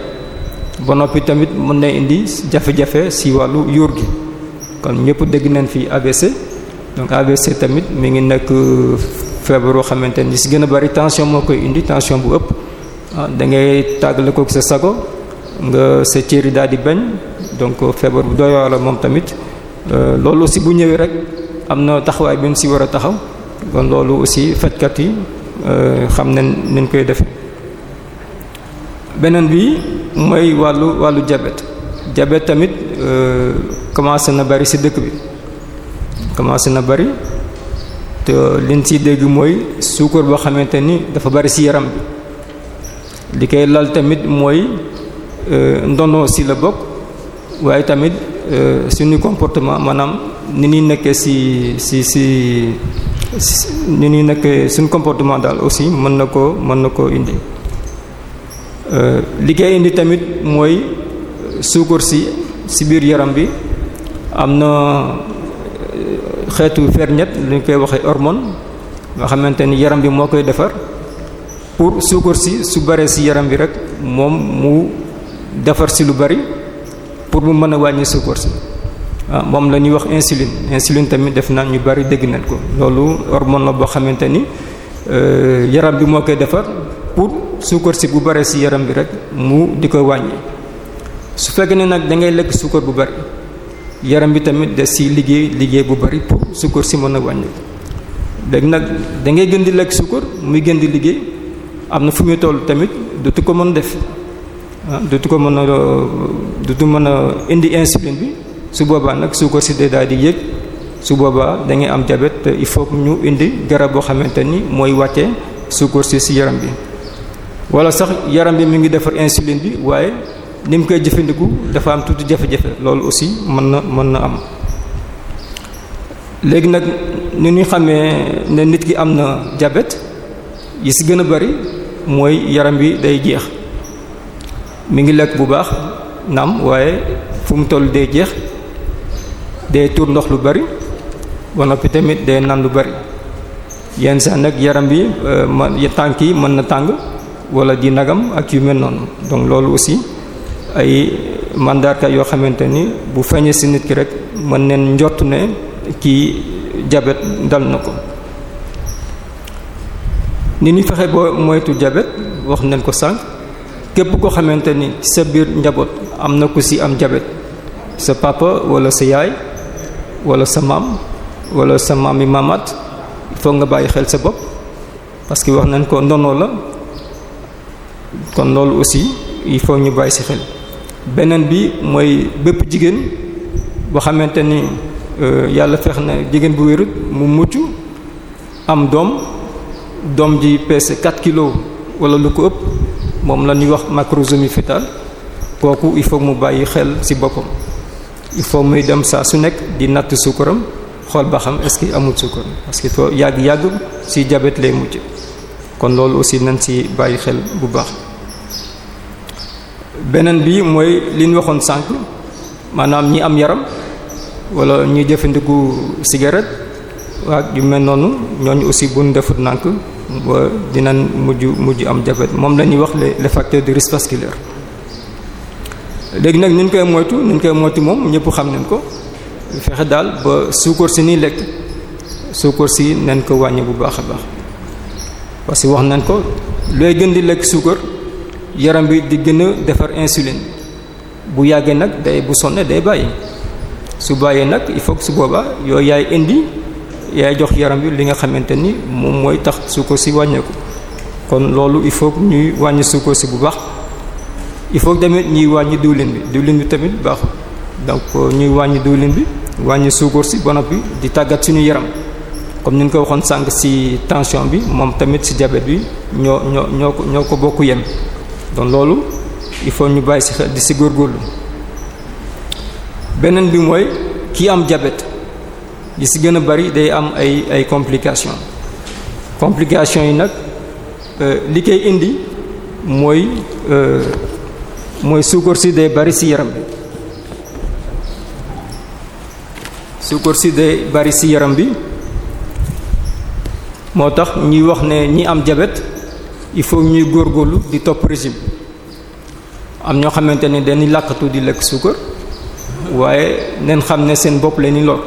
ba noppi tamit mën na indi jafe-jafe si wàllu yuur gi kon ñëpp dégg nañ fii AVC donc AVC tamit mi ngi nekk euh, feebar boo xamante ni si gën a bari tension moo koy indi tension bu ëpp ah da ngay tàggale ko sa sago nga sa cër yi daal di bañ donc euh, feebar bu doy waar la moom tamit euh, loolu aussi bu ñëwee rek am na taxawaay bi ñu si war a taxaw kon loolu aussi fajkat yi xam nañ nañ koy def beneen bi mooy wàllu wàllu jabet diabète tamit Euh, commencé na bari si dëkk bi commencé na bari te liñ si dégg mooy suukar boo xamante ni dafa bari si yaram bi li koy lal tamit mooy euh, ndono si la bokk waaye tamit euh, suñu comportement maanaam ni ñuy nekkee si si si ni ñuy nekkee suñu comportement daal aussi mën na koo mën na koo indi li koy indi tamit mooy suukar ci si biir yaram bi am na euh, xeetu ferñet lu ñu koy waxee hormone nga xamante ni yaram bi moo koy defar pour suukar si su baree si yaram bi rek moom mu defar si lu bari pour mu mën a wàññi suukar si ah, moom la ñuy wax insuline insuline tamit def naa ñu bari dégg nañ ko loolu hormone la boo xamante ni euh, yaram bi moo koy defar pour suukar si bu baree si yaram bi rek mu di ko wàññi. su fekkee ne nag dangay lekk suukar bu bari yaram bi tamit des ci liggéey liggéey bu bari pour suukar si mën na wàññi léegi nag da ngay gën di lekk suukar muy gën di liggéey am na fu muy toll tamit dootu ko mën def ah dootu ko mën a dootu mën a indi insuline bi su boobaa nag suukar si day daal di yéeg su boobaa dangay ngay am diabète il faut ñu indi garab boo xamante ni mooy wàcce suukar si si yaram bi wala sax yaram bi mu ngi defar insuline bi waaye. ni mu koy jëfandiku dafa am tuuti jafe-jafe loolu aussi mën na mën na am léegi nag ni ñuy xamee ne nit ki am na diabète yi si gën a bari mooy yaram wi day jeex mi ngi lekk bu baax naam waaye fu mu toll day jeex day tuur ndox lu bari ba noppi tamit day naan lu bari yenn saa nag yaram bi euh, man tànk yi mën na tàng walla di nagam ak yu mel noonu donc loolu aussi. ay mandarga yoo xamante ni bu feeñee si nit ki rek mën neen njott ne kii jabet dal na ko ni ñu fexe ba moytu jabet wax nañ ko sànq képp koo xamante ni sa biir njaboot am na ku si am jabet sa papa wala sa yaay wala sa maam wala sa maam yi maamaat foog nga bàyyi xel sa bopp parce que wax nañ ko ndono la kon loolu aussi il faut ñu bàyyi si xel beneen bi mooy bépp jigéen boo xamante ni euh, yàlla feex na jigéen bu wérut mu mucc am doom doom ji peese 4 kilos wala lu ko ëpp moom la ñuy wax macrosomie fétale kooku il faut mu bàyyi xel ci boppam il faut muy dem saa su nekk di natt suukaram xool ba xam est-ce que amul suukar parce que foo yàgg-yàgg ci jabet lay mujj kon loolu aussi nañ ci bàyyi xel bu baax beneen bi mooy li ñu waxoon sànq maanaam ñi am yaram wala ñi jëfandiku cigarette waaw yu mel noonu ñooñu aussi bu ñu defut nànk ba dinañ mujj mujj am diabète moom lañuy wax les les de risque vasculaire léegi nag ñu koy moytu ñu koy moytu moom ñëpp xam nañ ko fexe daal ba suukar si ni lekk suukar si nañ ko wàññi bu baax a baax parce wax nañ ko looy gën di lekk suukar. yaram bi di gën a defar insuline bu yàggee nag day bu sonnee day bàyyi su bàyyee nag il faut que su booba yooyu yaay indi yaay jox yaram bi li nga xamante ni moom mooy tax suukar si wàññeeku kon loolu il faut que ñuy wàññ suukar si bu baax il faut que tamit ñuy wàññi diwlin bi diwlin bi tamit baaxul donc euh, ñuy wàññi diwlin bi wàññ suukar si ba bi di tàggat suñu yaram comme ni nga ko waxoon sànq si tension bi moom tamit si diabète bi ñoo ñoo ñoo ko ñoo ko bokk yem. donc loolu il faut ñu bàyyi ci xel di ci beneen bi mooy kii am diabète li ci gën a bari day am ay ay complication complications yi nag euh, li koy indi mooy euh, mooy suukar si day bari ci yaram bi suukar si day bari ci yaram bi moo tax ñuy wax ne ñi am jabet il faut ñuy góor góorlu di topp régime am ñoo xamante ni dañuy làkkatu di lekk suukar waaye neen xam ne seen bopp la ñuy lor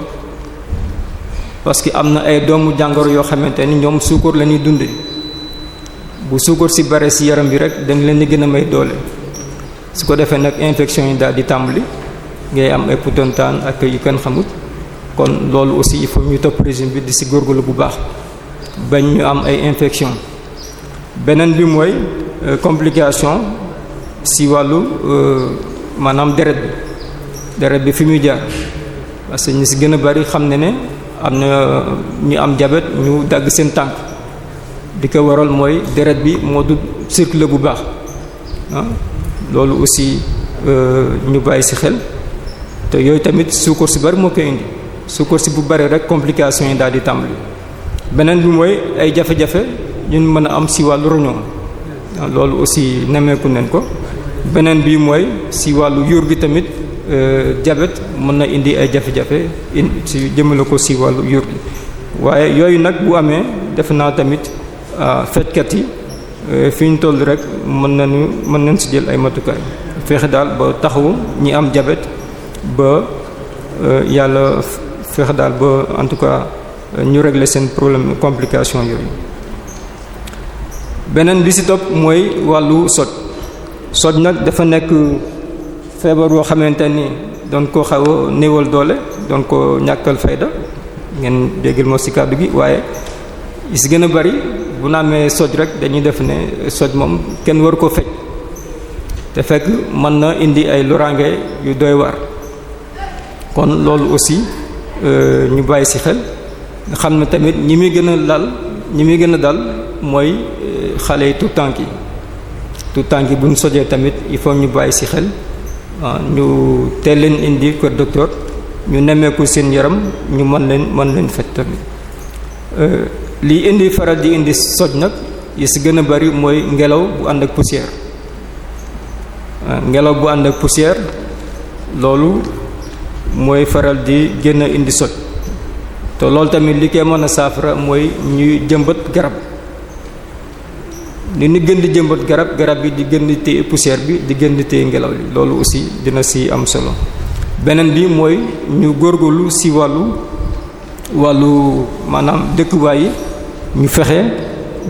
parce que am na ay doomu jàngoro yoo xamante ni ñoom suukar lañuy dunde bu suukar si bare si yaram bi rek dañ leen di gën a may doole su ko defee nag infection yi daal di tàmbali ngay am ay putontaan ak yu kenn xamut kon loolu aussi il faut ñu topp régime bi di si góor góorgóorlu bu baax bañ ñu am ay infection beneen bi mooy euh, complication si wàllu euh, maanaam deret bi deret bi fi muy jaar parce que ñi si gën a bari xam ne ne am na euh, ñu am diabète ñu dagg seen tànk di ko waral mooy deret bi moo du circuler bu baax ah loolu aussi ñu bàyyi si xel te yooyu tamit suukar si bari moo koy indi suukar si bu bari rek complication yi daal di tàmbali beneen bi mooy ay jafe-jafe ñu mën a am si wàllu roñoo ah, loolu aussi nemmeeku nañ ko beneen bii mooy si wàllu yuur gi tamit jabet euh, mën na indi ay jafe-jafe in si jëmale ko si wàllu yuur gi waaye yooyu nag bu amee defe naa tamit ah, fajkat yi euh, fi ñu toll rek mën nañu mën nañ si jël ay matukaay fexe daal ba taxawu ñi am jabet ba euh, yàlla fexe daal ba en tout cas ñu régle seen problème complication yooyu beneen bi si topp mooy wàllu soj soj nag dafa nekk feebar boo xamante ni doon ko xaw a néewal doole doon ko ñàkkal fayda ngeen déggal moo ci kàddu gi waaye si gën a bari bu na amee soj rek dañuy def ne soj moom kenn waru ko fej te fekk mën na indi ay loraange yu doy war kon loolu aussi euh, ñu bàyyi si xel nga xam ne tamit ñi muy gën a lal ñi muy gën a dal mooy euh, xale yi tout tànk yi tout tànk yi bu ñu sojee tamit il faut ñu bàyyi si xel ah, ñu teel leen indi kër docteur ñu nemmeeku seen yaram ñu mën leen mën leen faj tamit euh, lii indi faral di indi soj nag yi si gën a bari mooy ngelaw bu ànd ak poussière ah, ngelaw bu ànd ak poussière loolu mooy faral di gën a indi soj te loolu tamit li koy mën a saafara mooy ñuy jëmbat garab li ñu gën di jëmbat garab garab yi di gën di téye poussière bi di gën di téye ngelaw li loolu aussi dina si am solo beneen bi mooy ñu góor góorlu si wàllu wàllu maanaam dëkkuwaay yi ñu fexe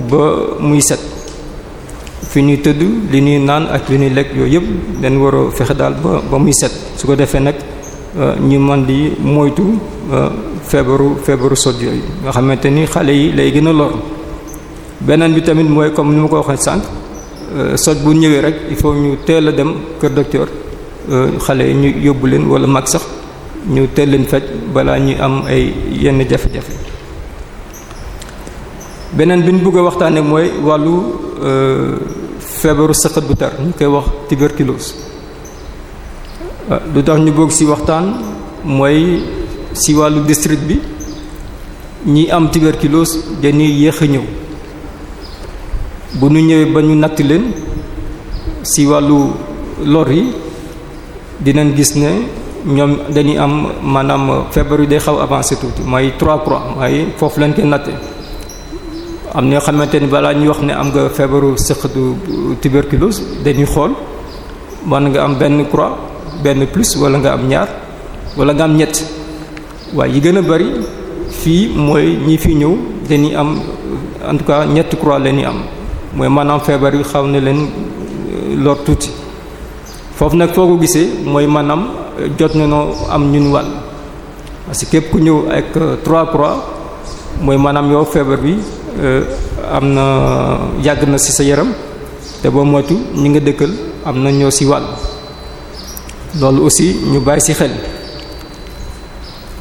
ba muy set fi ñuy tëdd li ñuy naan ak li ñuy lekk yooyu yëpp dañ war fexe daal ba ba muy set su ko defee nag. ñu man di moytu euh, feebaru feebaru sot yooyu nga xamante ni xale yi lay gën a lor beneen bi tamit mooy comme ni ma ko waxee sànq euh, sot bu ñëwee rek il faut ñu teel a dem kër docteur euh, xale yi ñu yóbbu leen wala mag sax ñu teel leen faj balaa ñuy am ay yenn jafe-jafe beneen bi ñu bëgg waxtaanee mooy wàllu feebaru sëqët bu tar ñu koy wax tuberculose. lu tax ñu bokk ci waxtaan mooy ci wàllu district bi ñi am tuberculose dañuy yéex a ñëw bu ñu ñëwee ba ñu natt leen ci wàllu lor yi dinañ gis ne ñoom dañuy am maanaam feebar yi day xaw avancé tuuti mooy trois croix mooy foofu lañ koy natte am na xamante ni balaa ñuy wax ne am nga feebaru sëqatu tuberculose dañuy xool man nga am benn croix. benn plus wala nga am ñaar wala nga am ñett waaye yi gën a bari fii mooy ñi fi ñëw dañuy am en tout cas ñetti croix la am mooy maanaam feebar yi xaw ne leen euh, lor tuuti foofu nag foo ko gisee mooy maanaam euh, jot na noo am ñun wàll parce que képp ku ñëw ak euh, trois croix mooy maanaam yow feebar bi am na yàgg na ci sa yaram te boo moytu ñu nga dëkkal am na ñoo ci wàll loolu aussi ñu bàyyi si xel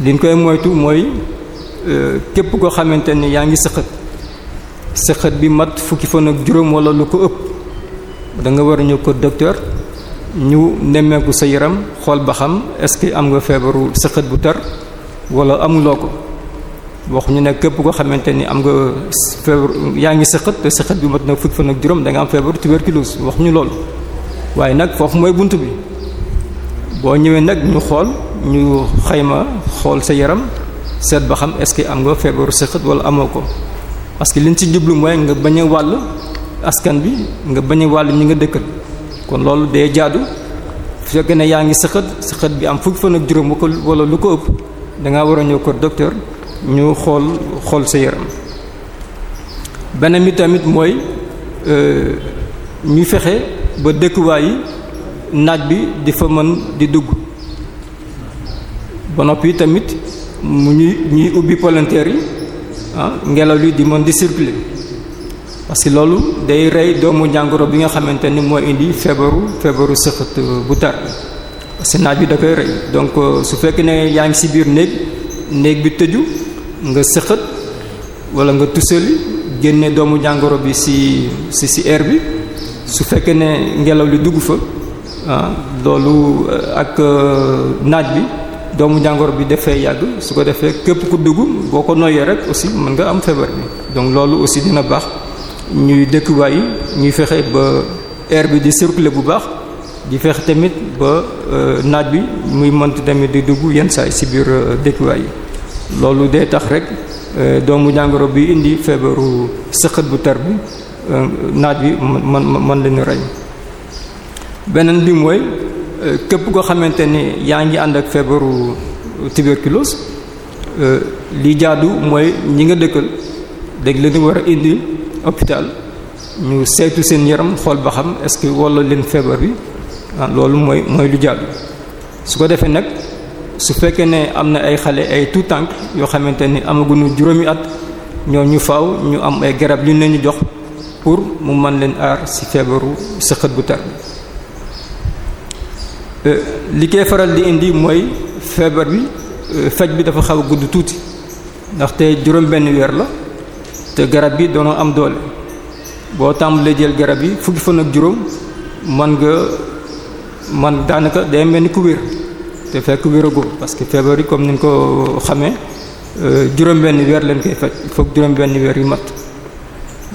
liñ koy moytu mooy euh, képp koo xamante ni yaa ngi sëqët sëqët bi mat fukki fan ak juróom wala lu ko ëpp danga war a ñëw ko docteur ñu nemmeeku sa yaram xool ba xam est-ce que am nga feebaru sëqët bu tar wala amuloo ko waxuñu ne képp koo xamante ni am nga feebar yaa ngi sëqët te sëqët bi mat na fukki fan ak juróom da nga am feebaru tuberculose waxuñu loolu waaye nag foofu mooy bunt bi. boo ñëwee nag ñu xool ñu xayma xool sa yaram seet ba xam est-ce que am nga feebaru sëqët wala amoo ko parce que liñ ci jublu mooy nga bañ a wàll askan bi nga bañ wàll ñi nga dëkkal kon loolu dee jaadu fekk ne yaa ngi sëqët sëqët bi am fukki fan ak juróom ko wala lu ko ëpp da ngaa war a ñëw ko docteur ñu xool xool sa yaram beneen mi tamit mooy euh, ñu fexe ba dëkkuwaay yi naaj bi di fa mën di dugg ba noppi tamit mu ñuy ñuy ubbi palanteer yi ah ngelaw li di mën di circuler parce que loolu day rey doomu jàngoro bi nga xamante ni moo indi feebaru feebaru sëqët euh, bu tar parce naaj bi da rey donc euh, su fekkee ne yaa ngi si biir néeg néeg bi tëju nga sëqët wala nga tusali génne doomu jàngoro bi si si si air bi su fekkee ne ngelaw li dugg fa ah loolu euh, ak euh, naaj bi doomu jàngoro bi dafay yàgg su ko defee képp ku dugg boo ko noyee rek aussi mën nga am feebar bi donc loolu aussi dina baax ñuy dëkkuwaay yi ñuy fexe ba air bi di circuler bu baax di fexe tamit ba euh, naaj bi muy mënt tamit di dugg yenn saay ci biir dëkkuwaay yi loolu day tax rek doomu jàngoro bi indi feebaru sëqët bu ter bi naaj bi mën mën mën rey beneen bi mooy euh, képp koo xamante ni yaa ngi ànd ak feebaru tuberculose euh, li jaadu mooy ñi nga dëkkal dégg leen war a indi hôpital ñu saytu seen yaram xool ba xam est-ce que walla leen feebar bi ah loolu mooy mooy lu jaadu su ko defee nag su fekkee ne am na ay xale ay tout tànk yoo xamante ni amaguñu juróomi at ñoo ñu faw ñu am ay garab yu ñu jox pour mu mën leen aar ci feebaru sëqët bu tar Euh, li koy faral di indi mooy feebar bi euh, faj bi dafa xaw a gudd tuuti ndaxte juróom benn weer la te garab bi doonoo am doole boo tàmbalee jël garab yi fukki fan ak juróom man nga man daanaka day mel ni ku wér te fekk wéragoo parce que feebar yi comme ni ñu ko xamee euh, juróom benn weer leen koy faj foog juróom benn weer yu mat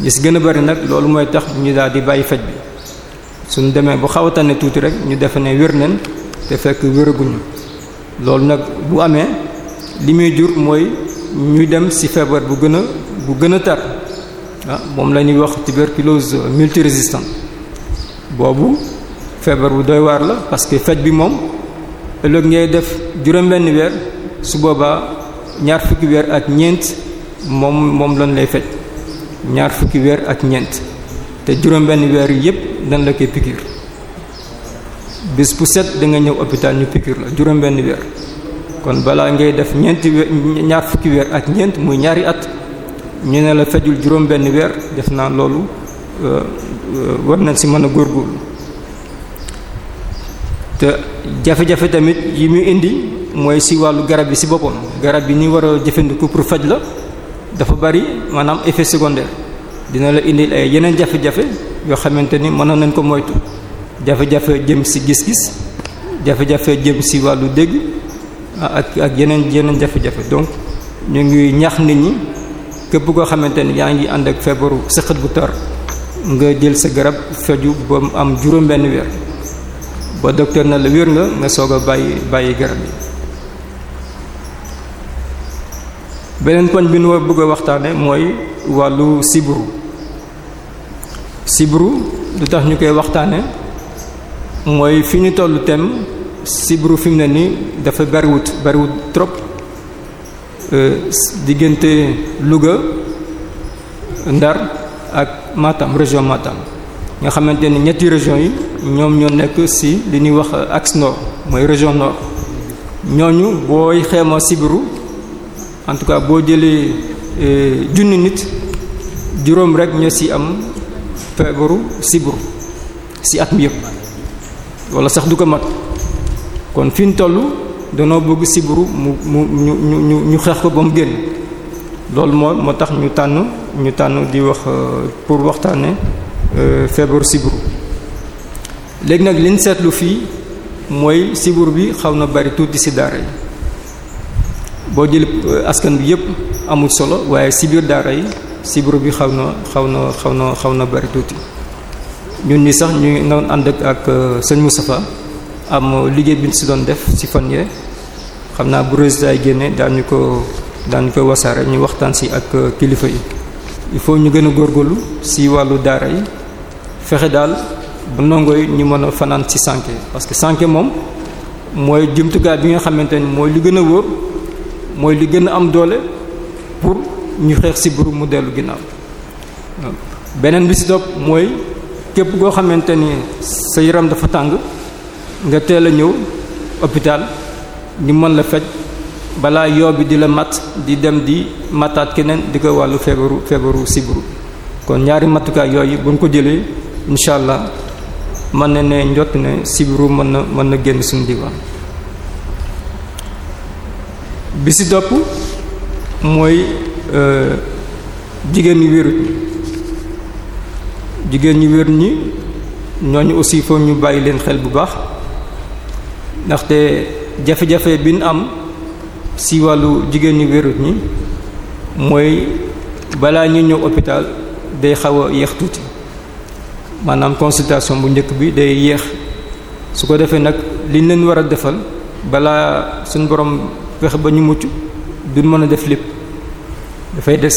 gis gën a bari nag loolu mooy tax ñu daal di bàyyi faj bi suñu demee bu xaw a tane tuuti rek ñu defe ne wér nañ te fekk wéraguñu loolu nag bu amee li muy jur mooy ñuy dem ci feebar bu gën a bu gën a tar ah moom la ñuy wax tuberculose multirésistante boobu feebar bu doy waar la parce que faj bi moom ëllëg ngay def juróom-benn weer su boobaa ñaar fukki weer ak ñeent moom moom lañ lay fej ñaar fukki weer ak ñeent te juróom-benn yi yépp dañ la koy piqûre bis bu set danga ñëw hôpital ñu piqûre la juróom benn weer kon balaa ngay def ñeenti ñaar fukki weer ak ñeent muy ñaari at ñu ne la fajul juróom benn weer def naa loolu euh, euh, war nañ si mën a góor góorgóorlu te jafe-jafe tamit yi muy indi mooy ci wàllu garab yi si boppam garab yi ni war a jëfandiku pour faj la dafa bari maanaam effet secondaire dina la indil ay yeneen jafe-jafe yoo xamante ni mënoon nañ ko moytu jafe-jafe jëm si gis-gis jafe-jafe jëm si wàllu dégg ak ak yeneen yeneen jafe-jafe donc ñu ngi ñax nit ñi képp koo xamante ni yaa ngi ànd ak feebaru sëqët bu tar nga jël sa garab feju ba mu am juróom benn weer ba docteur na la wér nga nga soog a bàyyi bàyyi garab yi beneen poñ bi nu bëgg a waxtaane mooy wàllu siburu sibru lu tax ñu koy waxtaane mooy fi ñu tollu tem sibru fi mu ne nii dafa bariwut bariwut trop euh, diggante Louga Ndar ak Matam région Matam nga xamante ni ñetti région yi ñoom ñoo nekk ci li ñuy wax axe nord mooy région nord ñooñu booy xeema sibru en tout cas boo jëlee euh, junni nit juróom rek ñoo ci am feebaru sibru si at mi yëpp wala sax du ko mat kon fi ñu toll danoo bëgg sibru mu mu ñu ñu ñu xeex ko ba mu génn loolu moo moo tax ñu tànn ñu tànn di wax euh, pour waxtaane euh, feebaru sibru léegi nag liñ seetlu fii mooy sibur bi xaw na bari tuuti ci daara yi boo jël euh, askan bi yépp amul solo waaye ci biir daara yi sibru bi xaw na xaw na xaw na xaw na bari tuuti ñun ñi sax ñu nga ànd ak euh, sëñ Moustapha am liggéey bi si doon def si fan yee xam naa bu résultat génne daañu ko daañu ko wasaare ñu waxtaan si ak euh, kilifa yi. il faut ñu gën a góorgóorlu si wàllu daara yi fexe daal bu ndongo yi ñu mën a fanaan si sànke parce que sànke moom mooy jumtukaay bi nga xamante ni mooy li gën a wóor mooy li gën a am doole pour. ñu xeex si buru mu dellu ginnaaw beneen bi si topp mooy képp goo xamante ni sa yaram dafa tàng nga teel a ñëw hôpital ñu mën la faj balaa yoo bi di la mat di dem di mataat keneen di ko wàllu feebaru feebaru sibru kon ñaari matukaay yooyu bu ñu ko jëlee incha allah mën na ne njott ne sibru mën na mën na génn suñu diwaan bi si dopp mooy Euh, jigéen ñi wérut jigéen ñi wér ñi ñooñu aussi foog ñu bàyyi leen xel bu baax ndaxte jafe-jafe bi ñu am si wàllu jigéen ñi wérut ñi mooy balaa ñu ñëw hôpital day xaw a yéex tuuti maanaam consultation bu njëkk bi day yéex su ko defee nag liñ leen war a defal balaa suñ borom fexe ba ñu mucc duñ mën a def lépp. dafay des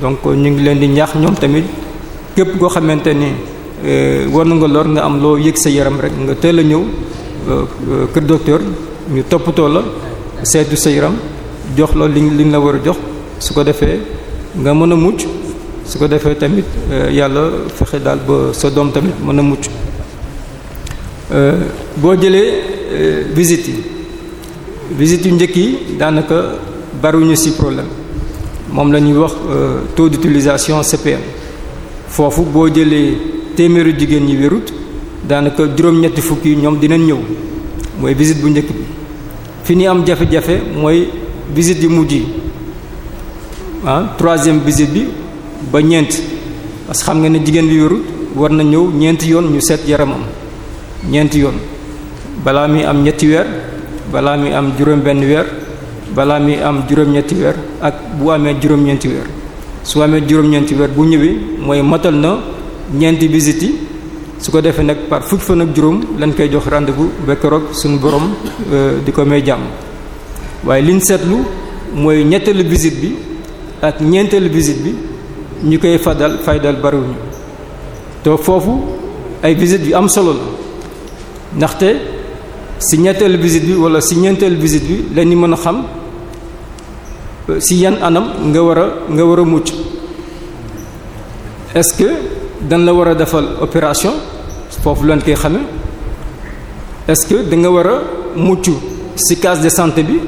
donc ñu ngi leen di ñaax ñoom tamit képp koo xamante ni euh, war na nga lor nga am loo yëg sa yaram rek nga teel a ñëw euh, euh, kër docteur ñu toppatoo la seetu sa yaram jox la li li la war a jox su ko defee nga mën a mucc su ko defee tamit yàlla fexe daal ba sa doom tamit mën a mucc boo jëlee visite yi visite yu njëkk yi daanaka bariwuñu ci problème moom la ñuy wax euh, taux d'utilisation CPM foofu boo jëlee téeméeru jigéen ñi wérut daanaka juróom-ñetti fukk ñoom dinañ ñëw mooy visite bu njëkk bi fi ñu am jafe-jafe mooy visite yu mujj yi ah troisième visite bi ba ñeent parce que xam nga ne jigéen bi wérut war na ñëw ñeenti yoon ñu seet yaramam ñeenti yoon balaa muy am ñetti weer balaa muy am juróom benn weer balaa mi am juróom-ñetti weer ak bu amee juróom-ñeenti weer su amee juróom-ñeenti weer bu ñëwee mooy matal na ñeenti visite yi su ko defee nag par fukki fan ak juróom lañ koy jox rendez bu ba keroog suñu borom euh, di ko may jàmm waaye liñ seetlu mooy ñetteelu visite bi ak ñeenteelu visite bi ñu koy fadal faydal bariwuñu te foofu ay visite yu am solo la ndaxte si ñetteelu visite bi wala si ñeenteelu visite bi lañu mën a xam Euh, si yan anam nga war a nga war a mucc est-ce que dañ la war a defal opération foofu lañ koy xame est-ce que da nga war a mucc ci case de santé bi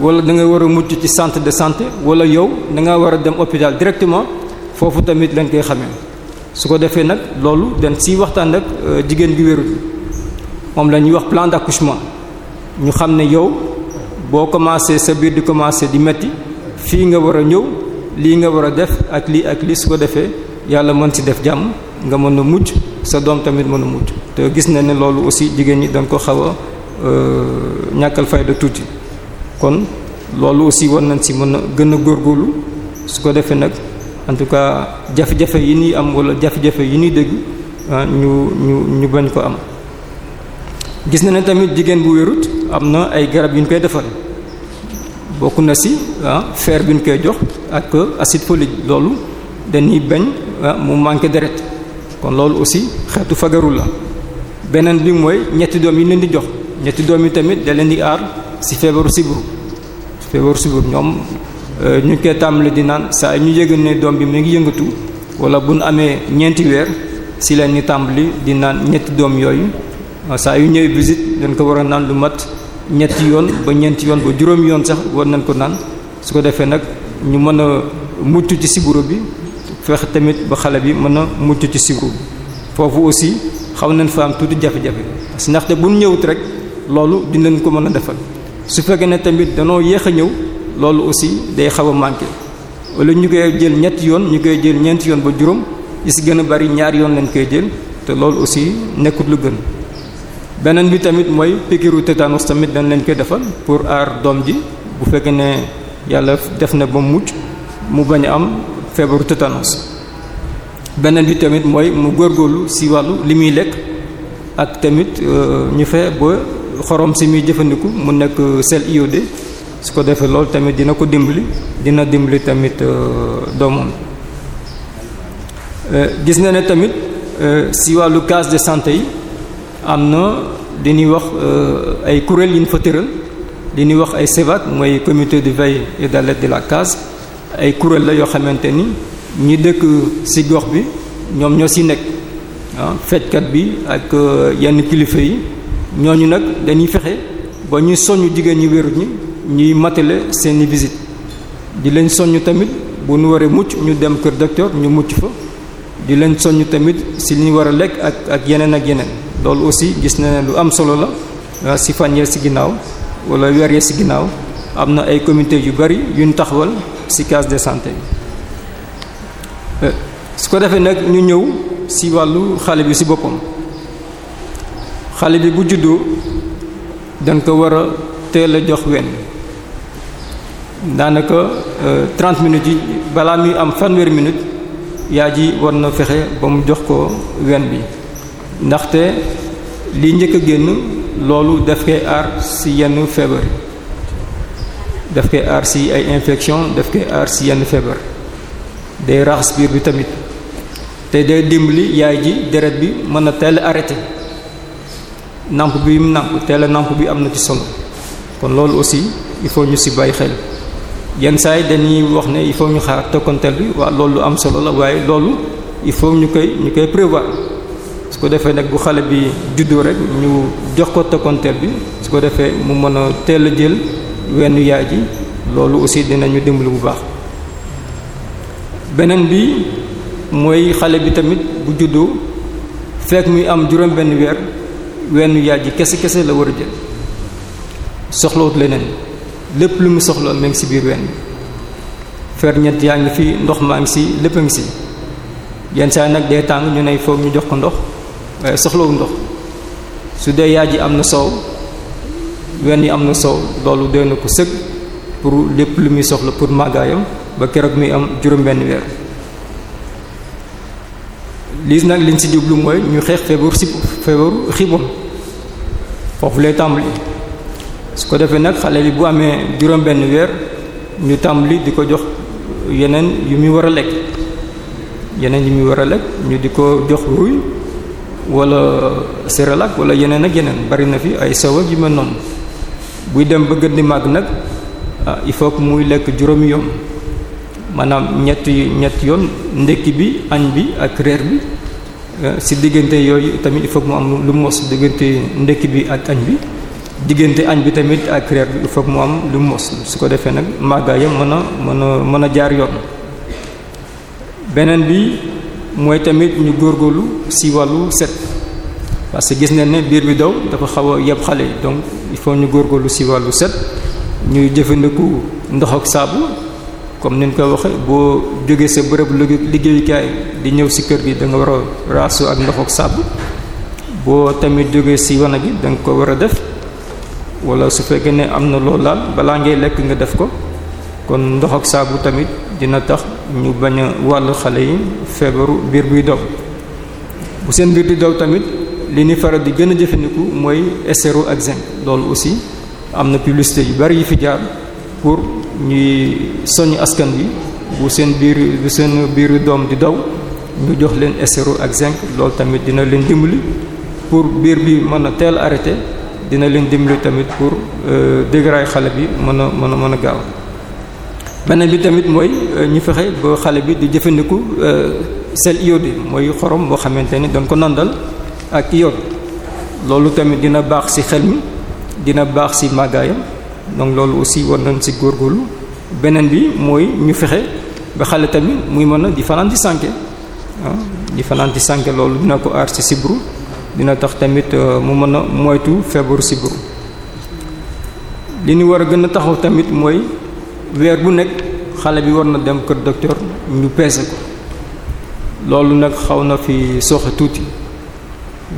wala da nga war a mucc ci centre de santé wala yow da nga war a dem hôpital directement foofu tamit lañ koy xamee su ko defee nag loolu dañ si waxtaan ak euh, jigéen bi wérul moom la ñuy wax plan d'accouchement ñu xam ne yow boo commencé sa biir di commencé di metti fii nga war a ñëw lii nga war a def ak lii ak lii su ko defee yàlla mën ci def jàmm nga mën a mujj sa doom tamit mën a mujj te gis na ne loolu aussi jigéen ñi dañ ko xaw a euh, ñàkkal fayda tuuti kon loolu aussi war nañ si mën a gën a góorgóorlu su ko defee nag en tout cas jafe-jafe yi ñuy am wala jafe-jafe yi ñuy dégg ah, ñu ñu ñu bañ ko am gis na ne tamit jigéen bu wérut am na ay garab yu ñu koy defal bokk na si ah fer bi ñu koy jox ak acide folique loolu dañuy bañ ah, mu manqué deret kon loolu aussi xeetu fagarul la beneen bi mooy ñetti doom yi leen di jox ñetti doom yi tamit da leen di aar ci feebaru siburu feebaru siburu ñoom euh, ñu ngi koy tàmbali di naan saa ñu yëg ne doom bi mu ngi yëngatu wala bu ñu amee ñeenti weer ci leen ñu tàmbali di naan ñetti doom yooyu saa yu ñëwee visite dañ ko war a naan lu mat. ñetti yoon ba ñeenti yoon ba juróom yoon sax war nañ ko naan su ko defee nag ñu mën a mucc ci siburu bi feex tamit ba xale bi mën a mucc ci siburu bi foofu aussi xaw nañ fa am tuuti jafe-jafe parce ndaxte bu ñu ñëwut rek loolu dinañ ko mën a defal su fekkee ne tamit danoo yéex a ñëw loolu aussi day xaw a manqué wala ñu koy jël ñetti yoon ñu koy jël ñeenti yoon ba juróom yi si gën a bari ñaari yoon lañ koy jël te loolu aussi nekkut lu gën. beneen bi tamit mooy piqûre tétanos tamit dañ leen koy defal pour aar doom ji bu fekkee ne yàlla def na ba mucc mu bañ a am feebaru tétanos beneen bi tamit mooy mu góorgóorlu ci wàllu li muy lekk ak tamit euh, ñu fexe ba xorom ci muy jëfandiku mu nekk sel iodé su ko defee loolu tamit dina ko dimbali dina dimbali tamit euh, doomam euh, gis na ne tamit ci wàllu case de santé yi am na li ñuy euh, wax ay kuréel yu ñu fa tëral li ñuy wax ay CEVAC mooy comité de veille et d'alerte de la case ay kuréel la yoo xamante ni ñi dëkk ci gox bi ñoom ñoo ci nekk ah fajkat bi ak euh, yenn kilifa yi ñooñu nag dañuy fexe ba ñuy soññ jigéen ñi wéru ñi ñuy matale seeni visite di leen soññ tamit bu ñu waree mucc ñu dem kër docteur ñu mucc fa di leen soññ tamit ci li ñu war a lekk ak ak yeneen ak yeneen. loolu aussi gis na ne lu am solo la ah, si fan yee si ginnaaw wala weer yee si ginnaaw am na ay commité yu bari yu ñu taxawal si case de santé eh, su ko defee nag ñu ñëw si wàllu xale bi si boppam xale bi bu juddoo dañ ko war a teel a jox wenn daanaka 30 eh, minutes yi balaa muy am fanweeri minutes yaa ji war na fexe ba mu jox ko wenn bi ndaxte li njëkk a génn loolu daf koy aar ci yenn feebar def koy aar ci ay infection daf koy aar ci yenn feebar day raxas biir bi tamit te day dimbali yaay ji deret bi mën na teel a arrêté namp bi teel a namp am na ci solo kon loolu aussi il faut ñu ci bàyyi xel yenn saa yi dañuy wax ne il faut ñu xaar tokkanteel bi waa loolu am solo la waaye loolu il faut ñu koy ñu koy prévoir ko defee nag bu xale bi juddoo rek ñu jox ko tokkanteel bi su ko defee mu mën a teel a jël wenn yaay ji loolu aussi dinañu dimbali bu baax beneen bi mooy xale bi tamit bu juddoo fekk muy am juróom benn weer wenn yaay ji kese kese la war a jël soxlawut leneen lépp lu muy soxla mu ngi ci biir wenn ferñeent yaa ngi fi ndox maa ngi ci lépp a ngi ci yenn saa nag day tàng ñu ne foog ñu jox ko ndox waaye eh, soxlawu ndox su dee yaay ji am na soow wenn yi am na soow loolu doy na ko sëg pour lépp lu muy soxla pour màggaayam ba keroog muy am juróom-benn weer lii nag liñ si jublu mooy ñu xeex feebaru si feebaru xiibon foofu lay tàmbali su ko defee nag xale bi bu amee juróom-benn weer ñu tàmb li di ko jox yeneen yi muy war a lekk yeneen yi muy war a lekk ñu di ko jox ruy wala Cerelac wala yeneen ak yeneen bari na fi ay sew ak yu mel noonu buy dem ba gën di màgg nag ah, il faut que muy lekk juróomi yoon maanaam ñetti ñetti yoon ndekki bi añ bi ak reer bi eh, si diggante yooyu tamit il faut que mu am lu mu mos diggante ndekki bi ak añ bi diggante añ bi tamit ak reer bi il faut que mu am lu mos su ko defee nag màggaayam mën a mën a mën a jaar yoon beneen bi. mooy tamit ñu góorgóorlu si wàllu set parce que gis nañ ne biir bi daw dafa xaw a yeb xale donc il faut ñu góorgóorlu si wàllu set ñuy jëfandiku ndox ak saabu comme ni ñu ko waxee boo jógee sa bërëb liggéeyukaay di ñëw si kër gi da war a raasu ak ndox ak saabu boo tamit jógee si wana gi danga nga ko war a def wala su fekkee ne am na loolu laal balaa ngay lekk nga def ko kon ndox ak saabu tamit. dina tax ñu bañ a wàll xale yi feebaru biir buy daw bu seen biir di daw tamit li ni faral di gën a jëfandiku mooy stéro ak zinc loolu aussi am na publicité yu bari yu fi jaar pour ñuy soñ askan bi bu seen biir bu seen biir doom di daw ñu jox leen stéro ak zinc loolu tamit dina leen dimbali pour biir bi mën a teel arrêté dina leen dimbali tamit pour euh, dégraay xale bi mën a mën a mën a gaaw beneen bi tamit mooy euh, ñu fexe ba xale bi di jëfandiku euh, sel iodé mooy xorom boo xamante ni doon ko nandal ak iode loolu tamit dina baax si xel mi dina baax ci màggaayam donc loolu aussi war nañ ci góorgóorlu beneen bi mooy ñu fexe ba xale tamit muy mën a di fanaan di sànke ah, di fanaan di sànke loolu dina ko aar ci sibru dina tax tamit euh, mu mën a moytu feebaru sibru li ñu war a gën a taxaw tamit mooy weer bu nekk xale bi war na dem kër docteur ñu peese ko loolu nag xaw na fi soxe tuuti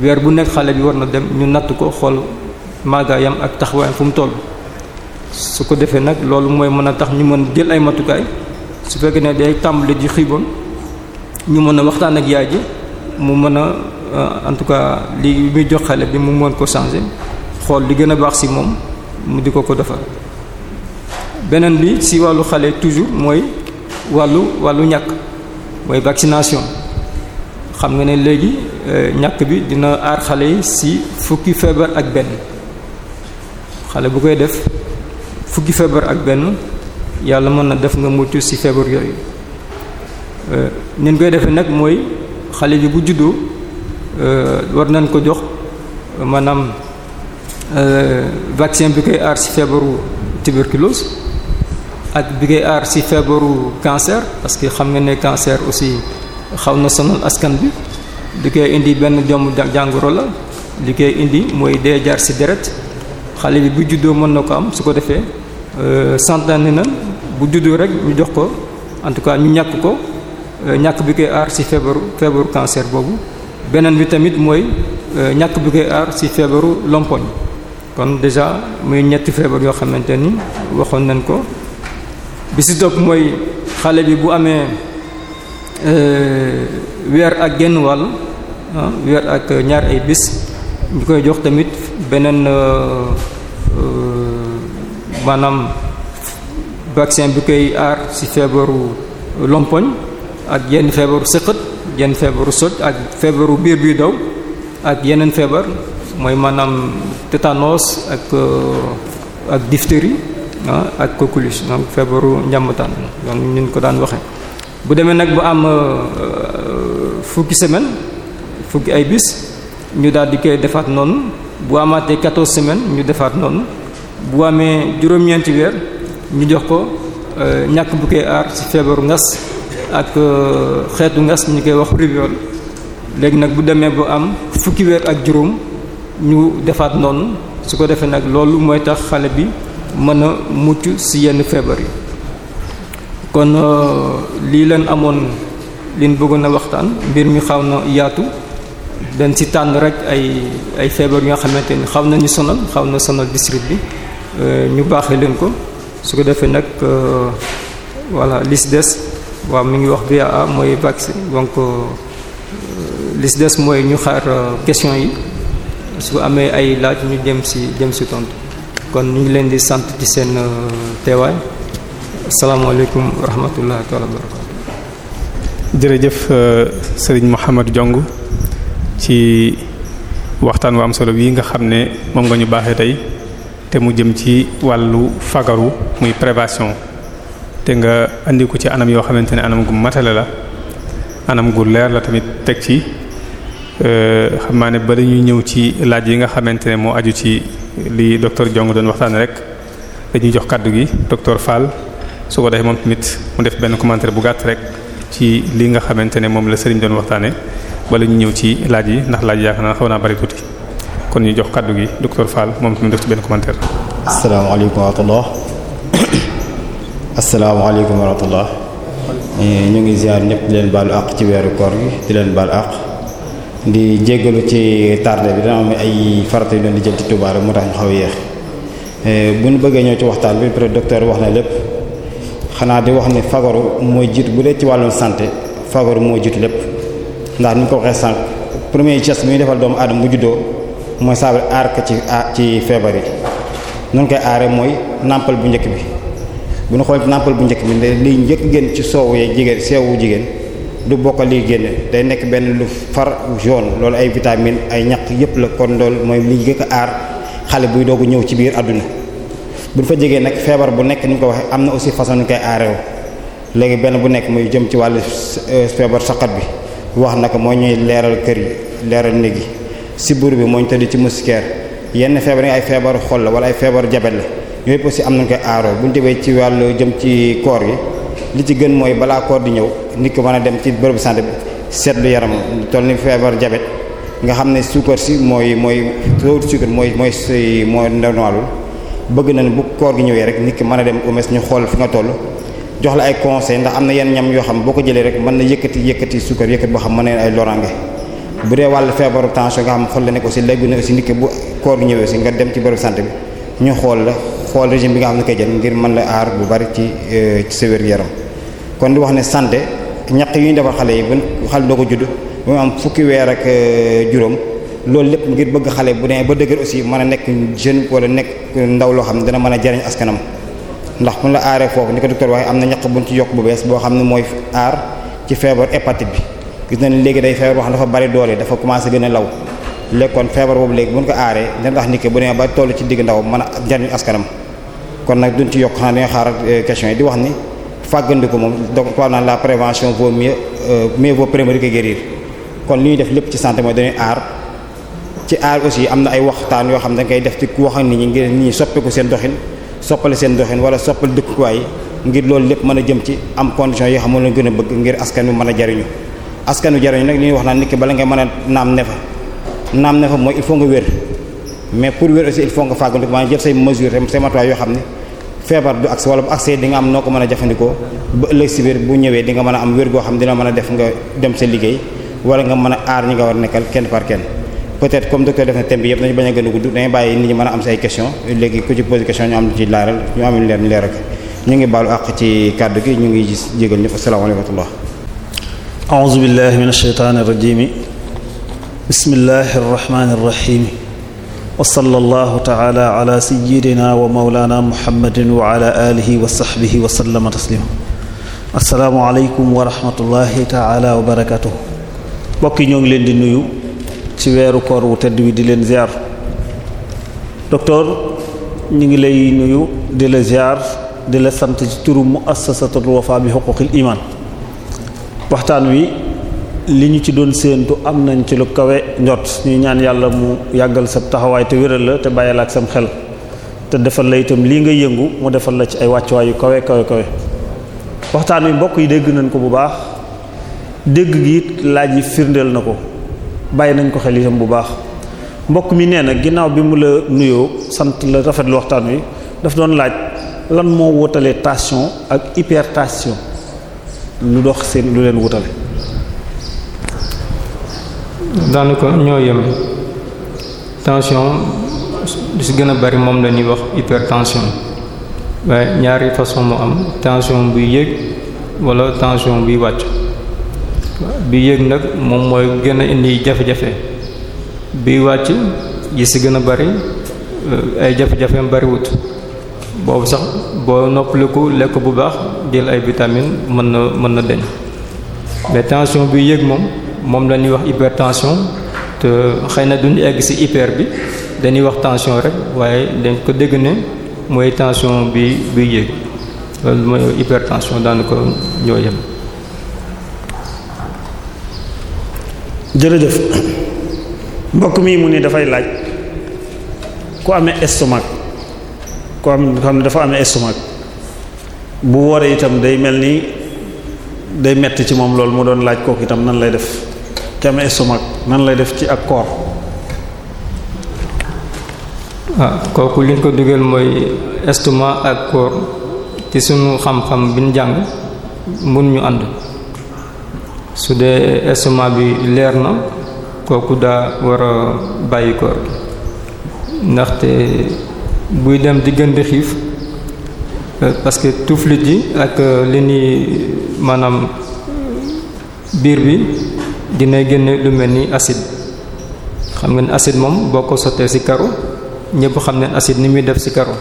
weer bu nekk xale bi war na dem ñu natt ko xool maagaayam ak taxawaayam fu mu toll su ko defee nag loolu mooy mën a tax ñu mën jël ay matukaay su fekkee ne day tàmbali ji xiiboon ñu mën a waxtaan ak yaay ji mu mën a euh, en tout cas li muy jox xale bi mu mën ko changer xool di gën a baax si moom mu di ko ko defar beneen bi si wàllu xale toujours mooy wàllu wàllu ñàkk mooy vaccination xam nga ne léegi euh, ñàkk bi dina aar xale yi si fukki feebar ak benn xale bu koy def fukki feebar ak benn yàlla mën na def nga mucc si feebar yooyu euh, nen koy defe nag mooy xale bi bu juddoo euh, war nañ ko jox maanaam vaccin bi koy aar si feebaru tuberculose ak bi ngay aar ci feebaru cancer parce que xam nga ne cancer aussi xaw na sonal askan bi li koy indi benn jom jàngoro la li koy indi mooy dee jaar ci deret xale bi bu juddoo mën na ko am su ko defee euh, santaane na bu juddoo rek ñu jox ko en tout cas ñu ñàkk ko euh, ñàkk bi koy aar ci feebaru feebaru cancer boobu beneen bi tamit mooy euh, ñàkk bi koy aar ci feebaru lompoñ kon déjà muy ñetti feebar yoo xamante ni waxoon nañ ko bi si topp mooy xale bi bu amee euh, weer ak genn wàll ah, weer ak ñaar ay bis ñu koy jox tamit beneen euh, euh, maanaam vaccin bi koy aar ci feebaru lompoñ ak yenn feebaru sëqët yenn feebaru soj ak feebaru biir biy daw ak yeneen feebar mooy maanaam tétanos ak ak diphtérie Ah, ak coqueluche donc feebaru njàmbataan donc ñu ko daan waxee. bu demee nag bu am euh, fukki semaine fukki ay bis ñu daal di koy defaat noonu bu amaatee quatorze semaines ñu defaat noonu bu amee juróom-ñeenti weer ñu jox ko euh, ñàkk bu koy aar ci feebaru ngas ak euh, xeetu ngas ñu koy wax ruvéole léegi nag bu demee bu am fukki weer ak juróom ñu defaat noonu su ko defee nag loolu mooy tax xale bi. mën a mucc ci yenn feebar yi kon euh, lii leen amoon liñ bëggoon a waxtaan mbir mi xaw na yaatu dañ ci tànn rek ay ay feebar yoo xamante ni xaw nañu sonal xaw na sonal district bi euh, ñu baaxee leen ko su ko defee nag euh, voilà li ci des waaw mi ngi wax BAA mooy vaccin donc li des mooy ñu xaar question yi su amee ay laaj ñu dem ci jëm ci tontu. kon ñu ngi leen di sant ci seen euh, teewaay asalaamaaleykum wa rahmatullahi taala wa barakatu jërëjëf euh, Serigne Mouhamed ci waxtaan wa am solo bii nga xam ne moom nga ñu baaxe tey te mu jëm ci wàllu fagaru muy prévention te nga andi ko ci anam yoo xamante ne anam gu matale la anam gu leer la tamit teg ci euh, xam naa ne ba dañuy ñëw ci laaj yi nga xamante ne moo aju ci li docteur Diong doon waxtaanee rek dañuy jox kàddu gi docteur Fall su ko defee moom tamit mu def benn commentaire bu gàtt rek ci li nga xamante ne moom la sëriñ doon waxtaanee wala ñu ñëw ci laaj yi ndax laaj yaakaar naa xaw naa bari tuuti kon ñu jox kàddu gi docteur Fall moom tamit def ci benn commentaire. asalaamaaleykum wa rahmatullah asalaamaaleykum wa rahmatullah eh, ñu ngi ziar ñëpp di leen baalu àq ci weeru koor gi di leen baalu àq. di jéggalu ci tardé bi dana am ay farat yu doon di jël ci Touba rek moo tax ñu xaw a yéex eh, bu ñu bëggee ñëw ci waxtaan bi peut-être wax na lépp xanaa di wax ne fagaru mooy jiitu bu dee ci wàllum santé fagaru moo jiitu lépp ndax ni ñu ko waxee sànq premier geste bi ñu defal doomu aadama bu juddoo mooy saabu aar ko ci ah, ci feebar yi noonu koy aaree mooy nàmpal bu njëkk bi bu ñu xool nàmpal bu njëkk bi liy njëkk gën ci soowu yeeg jigéen seewu jigéen. du bokk lii génne day nekk benn lu far jaune loolu ay vitamine ay ñaq yépp la kon loolu mooy li gëkk aar xale buy doogu ñëw ci biir àdduna bu fa jegee nag feebar bu nekk ni ñu ko waxee am na aussi façon koy aarew léegi benn bu nekk muy jëm ci wàll euh, feebar saqat bi wax na ko moo ñuy leeral kër yi leeral néeg yi sibbiru bi moo ñu tëdd ci moustiquaire yenn feebar yi ay feebaru xol la wala ay feebaru jabet la yooyu aussi am nañ koy aaroo bu ñu demee ci wàll jëm ci koor yi li ci gën mooy balaa koor di ñëw nit ko mën a dem ci bërëbu santé bi seetlu yaram toll ni feebar jabet nga xam ne suukar si mooy mooy soo suukar mooy mooy si mooy ndonuwaalul bëgg na ne bu koor gi ñëwee rek nit ki mën a dem au moins ñu xool fi nga toll jox la ay conseil ndax am na yenn ñam yoo xam boo ko jëlee rek mën na yëkkati yëkkati suukar yëkkati boo xam mën na ay bu dee wàllu feebaru tension nga xam la nekk aussi léegi na aussi nit ki bu koor gi ñëwee aussi nga dem ci bërëb santé bi ñu xool la xool régime bi nga xam ne koy jël ngir mën la aar bu bari ci euh, ci sa yaram kon di wax ne santé ñaq yu ñu defal xale yi bu xale doo ko judd ba mu am fukki weer ak euh, juróom loolu lépp ngir bëgg xale bu demee ba dëgër aussi mën a nekk jeune wala nekk ndaw loo xam ne dana mën a jariñ askanam ndax mun la aaree foofu ni ko docteur waxee am na ñaq buñ ci yokk bu bees boo xam ne mooy aar ci feebar hépatite bi gis nañ léegi day feebar boo dafa bari doole dafa commencé gën a law léegi kon feebar boobu léegi aaree dina tax nit ki bu ba toll ci digg ndaw mën a jariñ askanam kon nag duñ yokk xanaa xaaral euh, question yi di wax ni fàggandiku moom donc wax naan la prévention vaut mais euh, mieux vaut prévenir que guérir kon li ñuy def lépp ci santé mooy dañuy aar ci aar aussi am na ay waxtaan yoo xam ne dañ koy def ci wax ak nit ñi ngir soppeeku seen doxin soppale seen doxin wala soppal dëkkuwaay ngir loolu lépp mën a jëm ci am conditions yoo xam ne la gën a bëgg ngir askan wi mën a jariñu askan wi jariñu nag li ñuy wax naa nit ki bala ngay mën a naam ne fa naam ne fa mooy il faut nga wér mais pour yoo xam ne feebar du accès wala bu accès di nga am noo ko mën a jafandikoo ba ëllëg si biir bu ñëwee di nga mën a am wér goo xam dina mën a def nga dem sa liggéey wala nga mën a aar ñi nga war a nekkal kenn par kenn peut-être comme docteur def na thème bi yëpp nañu bañ a gën a gudd dañuy bàyyi nit ñi mën a am say question léegi ku ci posé question ñu am ci laaral ñu am lu leen leer ak ñu ngi baalu àq ci kàddu gi ñu ngi gis jégal ñëpp asalaamaaleykum wa rahmatullah a'uuzu wa sallallahu taala ala sayyidina wa mawlana muhammadin wa ala alihi wa sahbihi wa sallama taslima assalaamu aleykum wa rahmatullahi taala wa barakatuh mbokk yi ñoo ngi leen di nuyu ci weeru koor wu tedd wi di leen ziar docteur ñu ngi lay nuyu di la ziar di la sant ci turu muassasatul wafa bi xuquqil iman waxtaan wi li ñu ci doon séentu am nañ ci lu kawe njot ñuy ñaan yàlla mu yàggal sab taxawaay te wéral la te bàyyil ak sam xel te defal la itam lii nga yëngu mu defal la ci ay wàccuwaay yu kawe kawe kawe waxtaan wi mbokk yi dégg nañ ko bu baax dégg gi laaj yi firndeel na ko bàyyi nañ ko xel itam bu baax mbokk mi nee na ginnaaw bi mu la nuyoo sant la rafetlu waxtaan wi daf doon laaj lan moo wutalee tension ak hypertension lu dox seen lu leen wutale daanaka ñoo yem tension li si gën a bari moom la ñuy wax hypertension waaye ñaari façon moo am tension buy yéeg walla tension biy wàcc bi yéeg nag moom mooy gën a indi jafe-jafe biy wàcc yi si gën a bari eh, ay jafe-jafeem bariwut boobu sax boo noppaliku lekk bu baax jël ay vitamines mën na mën na deñ mais tension bi yéeg moom. moom la wax hypertension te xëy na duñu egg si hyper bi dañuy wax tension rek waaye dañ ko dégg ne mooy tension bi bi yéeg loolu mooy hypertension daanu ko ñoo yem. jërëjëf mbokk mi mu ne dafay laaj ku ame estomac ku am xam ne dafa ame estomac bu wooree itam day mel ni day metti ci moom loolu moo doon laaj kooku itam nan lay def. came estomac nan lay def ci ak koor ah kooku liñ ko dugal mooy estomac ak koor ci sunu xam-xam biñ jàng mun ñu ànd su dee estomac bi leer na kooku daa war a bàyyi koor ndaxte buy dem di xiif euh, parce que tuflit ji ak euh, li ñuy maanaam biir bi dina génne lu mel ni acide xam nga ngeen acide moom boo ko sottee ci karo ñépp xam ne acide ni muy def ci karo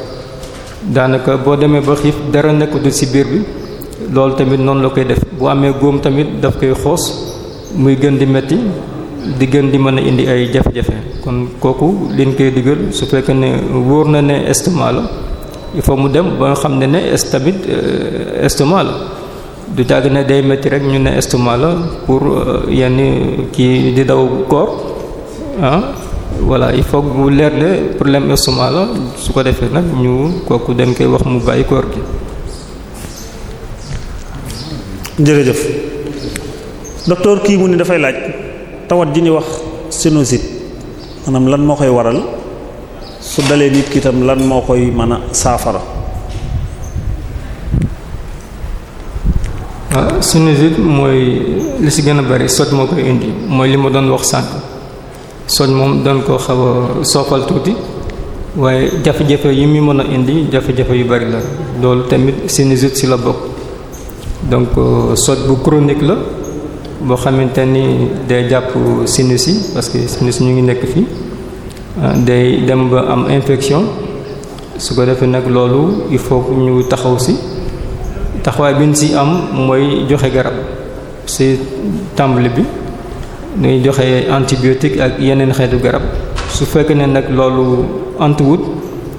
daanaka boo demee ba xiif dara nekkutul ci biir bi loolu tamit noonu la koy def bu amee góom tamit daf koy xoos muy gën di metti di gën di mën a indi ay jafe-jafe kon kooku liñ koy digal su fekkee ne wóor na ne estomac la il faut mu dem ba nga xam ne ne est tamit euh, estomac du jàgg na day métti rek ñu ne estomac la pour euh, yenn kii di daw koor ah voilà il faut bu leer ne problème estomac la su ko defee nag ñu kooku dem koy wax mu bàyyi koor gi. jërëjëf docteur kii mu ni dafay laaj tawat ji ñuy wax sinusite maanaam lan moo koy waral su dalee nit ki itam lan moo koy mën a saafara. ah sinusite mooy li si gën a bari soj moo koy indi mooy li ma doon wax sànq soj moom doon ko xaw a tuuti waaye jafe-jafe yi muy mën a indi jafe-jafe yu bari la loolu tamit sinusite si la bokk donc euh, soj bu chronique la boo xamante ni day jàpp sinus yi parce que sinus ñu ngi nekk fii ah, day dem ba am infection su ko defee nag loolu il faut ñu taxaw si. taxawaay bi ñu si am mooy joxe garab si tàmbali bi ñuy joxe antibiotique ak yeneen xeetu garab su fekkee ne nag loolu antuwut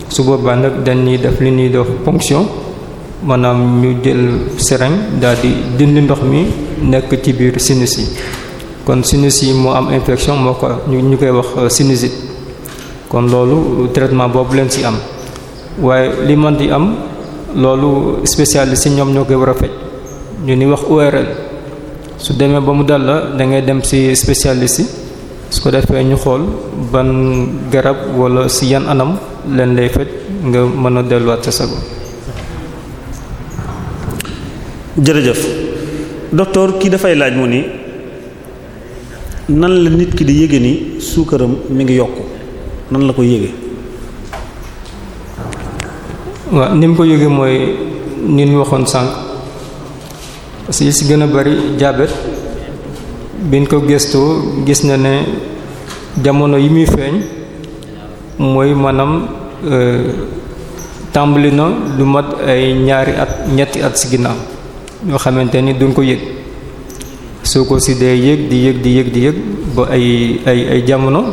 su boobaa nag dañuy def li ñuy dox ponction maanaam ñu jël seringue daal di dindi ndox mi nekk ci biir sinus yi kon sinus yi moo am infection moo ko ñu koy wax euh, sinusite kon loolu traitement boobu leen si am waaye li mën am. loolu spécialiste yi ñoom ñoo koy war a faj ñu ni wax ORL su demee ba mu dal la dangay dem si spécialiste yi su ko defee ñu xool ban garab walla si yan anam leen day faj nga mën a delluwaat sa sago. jërëjëf docteur kii dafay laaj mu ni nan la nit ki di yége ni suukaram mi ngi yokk nan la ko yége waaw ni mu ko yëgee mooy ni ñu waxoon sànq parce que si gën a bari diabète biñ ko gëstoo gis na ne jamono yi muy feeñ mooy maanaam euh, tàmbali na lu mat ay ñaari at ñetti at si ginnaaw yoo xamante ni duñ ko yëg soo ko si dee yëg di yëg di yëg ba ay ay ay jamono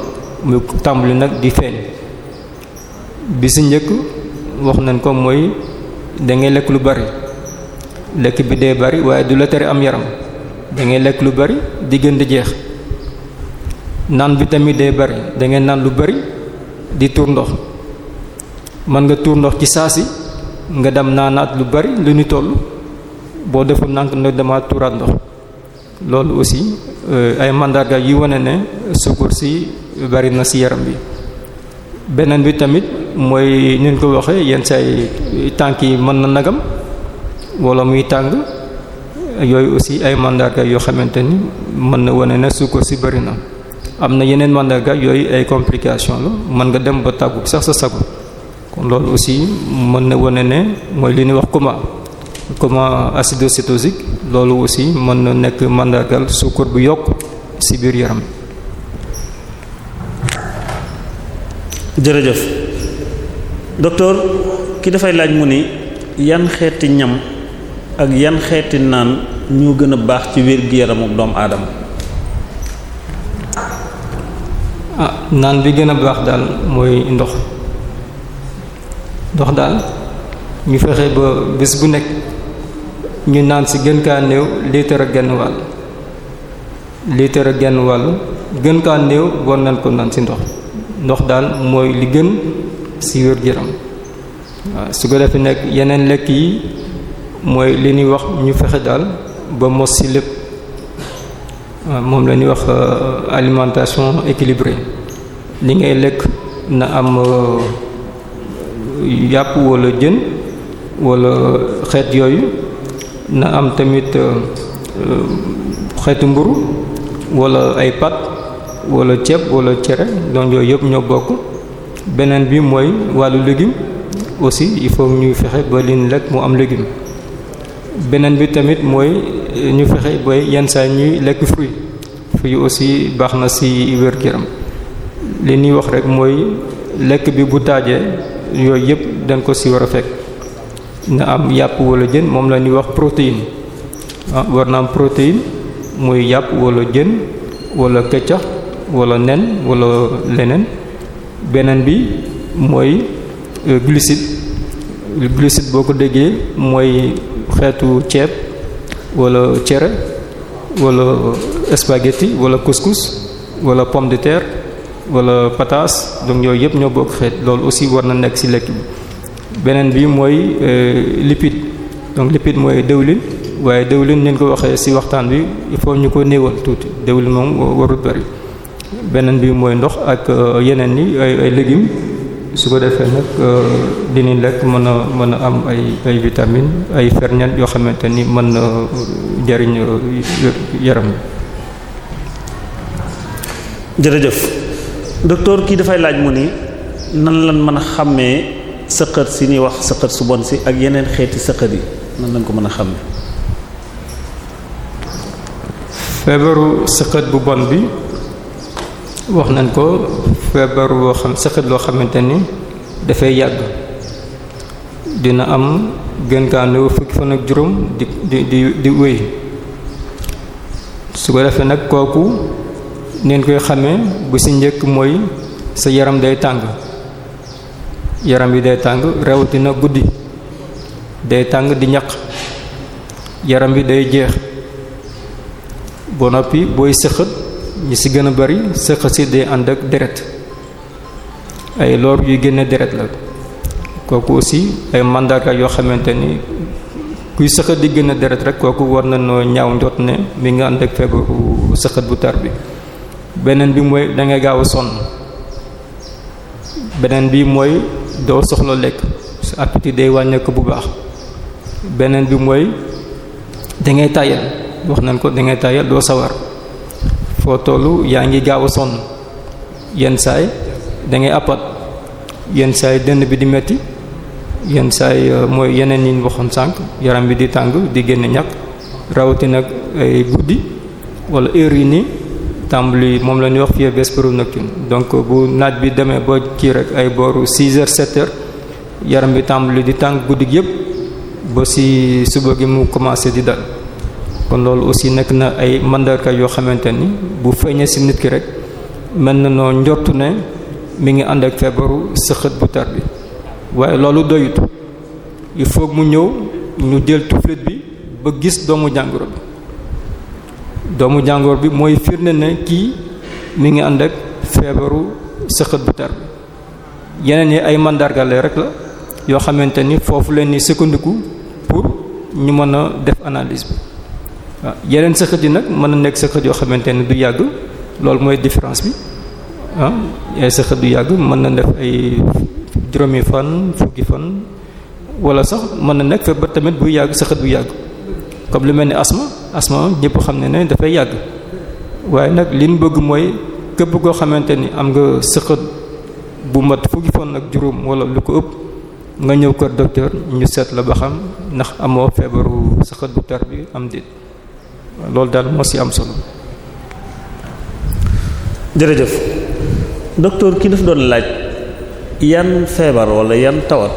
mu tàmbali nag di feeñ bi si njëkk wax nañ ko mooy dangay ngay lekk lu bari lekk bi dee bari waaye du la tere am yaram da lekk lu bari di gën di jeex naan bi tamit dee bari da ngay naan lu bari di tuur ndox mën nga tuur ndox ci saa si nga dem naanaat lu bari lu ñu toll boo deful nank na dama tuuraat ndox loolu aussi euh, ay mandarga yi wane ne sukur si bari na si yaram bi beneen bi tamit mooy ni ñu ko waxee yenn say tànk yi mën na nagam wala muy tàng yooyu aussi ay mandarga yoo xamante ni mën na wane ne suukar si bëri na am na yeneen mandarga yooyu ay complication la mën nga dem ba tàggu sax sa sago kon loolu aussi mën na wane ne mooy li ñuy wax comment coma acidocétosique loolu aussi mën na nekk mandargal suukar bu yokk ci biir yaram jërëjëf docteur kii dafay laaj mu ni yan xeeti ñam ak yan xeeti naan ñoo gën a baax ci wér-gu-yaramu doomu aadama ah, naan bi gën a baax daal mooy ndox ndox daal ñu fexe ba bés bu nekk ñu naan si gën kaa néew litre a genn wàll litre ak genn wàll gën kaa néew war nañ ko naan si ndox ndox daal mooy li gën si wér-gu-yaram waaw su ko defee nag yeneen lekk yi mooy li ñuy wax ñu fexe daal ba mos si lépp moom la ñuy wax euh, alimentation équilibrée li ngay lekk na am euh, yàpp wala jën wala xeet yooyu na am tamit euh, xeetu mburu wala ay pat wala ceeb wala cere donc yooyu yëpp ñoo bokk beneen bi mooy wàllu légume aussi il faut ñuy fexe ba liñ lekk mu am légume beneen bi tamit mooy ñu fexe ba yenn saa ñuy lekk fruit fruit aussi baax na si wér gi yaram li ñuy wax rek mooy lekk bi bu taajee yooyu yëpp dañ ko si war a fekk na am yàpp wala jën moom la ñuy wax protéine ah war na am protéine muy yàpp wala jën walla këcax wala nen wala leneen beneen bi mooy euh, glucide glucide boo ko déggee mooy xeetu ceeb wala cere wala spaghetti wala couscous wala pomme de terre wala pataas donc yooyu yëpp ñoo bokk xeet loolu aussi war na nekk ci lekk bi beneen bi mooy euh, lipide donc lipide mooy dëwlin waaye dëwlin ni ñu ko waxee ci waxtaan bi il faut ñu ko néewal tuuti dëwlin moom warul bari beneen bi mooy ndox ak euh, yeneen yi ay ay su ko defee nag euh, li lekk mën a mën a am ay ay ay ferñeent yoo xamante ni mën na euh, jariñ yaram. jërëjëf docteur kii dafay laaj mu ni nan lan mën a xàmmee sëqët si ñuy wax sëqat su bon si ak yeneen xeeti sëqët yi nan lañ ko mën a xàmmee. feebaru sëqët bu bon bi. wax nañ ko feebar woo xam saxit loo xamante ni dafay yàgg dina am gën kaa néew fukki fan ak juróom di di di di wéy su ko defee nag kooku neen koy xamee bu ci njëkk mooy sa yaram day tàng yaram bi day tàng rawatina guddi day tàng di ñaq yaram bi day jeex ba noppi booy sëqët ñi ci gën a bari sa xasida ànd ak deret ay loor yuy génne deret la kooku aussi ay mandarga yoo xamante ni kuy sëqat di génne deret rek kooku war na noo ñaaw njot ne mi nga ànd ak feebaru sëqat bu tar bi beneen bi mooy dangay gaaw a sonn beneen bi mooy doo soxla lekk sa appétit day wàññeeku bu baax beneen bi mooy dangay tàyyal wax nañ ko dangay tàyyal doo sawar foo tollu yaa ngi gaaw a sonn yenn saay dangay ngay yenn saay dënn bi di metti yenn saay euh, mooy yeneen yi ñu waxoon sànq yaram bi di tàng di génn ñàkk rawatina nag ay guddi wala heure yi nii tàmbali moom la ñuy wax fii vespero nocturne donc euh, bu naaj bi demee ba kii rek ay booru 6 heures 7 yaram bi tàmbali di tàng guddi gi yëpp ba si suba gi mu commencé di dal. kon loolu aussi nekk na ay mandarga yoo xamante ni bu feeñee si nit ki rek mën na noo njortu ne mi ngi ànd ak feebaru sëxët bu bi waaye loolu doyut il faut mu ñëw ñu jël tuflit bi ba gis doomu jàngoro bi doomu jàngoro bi mooy firnde ne ne kii mi ngi ànd ak feebaru sëxët bu bi yeneen yi ay mandargale rek la yoo xamante ni foofu leen ni sukkandiku pour ñu mën a def analyse bi Ah, yeneen sëqët yi nag mën na nekk sëqët yoo xamante ne du yàgg loolu mooy différence bi ah yaay sëqët du yàgg mën na def ay juróomi fan fukki fan wala sax mën na nekk feebar tamit buy yàgg sëqët bu yàgg comme lu mel ni asma asma ñëpp xam ne ne dafay yàgg waaye nag li ñu bëgg mooy képp koo xamante ni am nga sëqët bu mat fukki fan ak juróom wala lu ko ëpp nga ñëw kër docteur ñu seet la ba xam ndax amoo feebaru sëqët bu tar bi am déet loolu daal moo si am solo. jërëjëf docteur kii daf doon laaj yan feebar walla yan tawat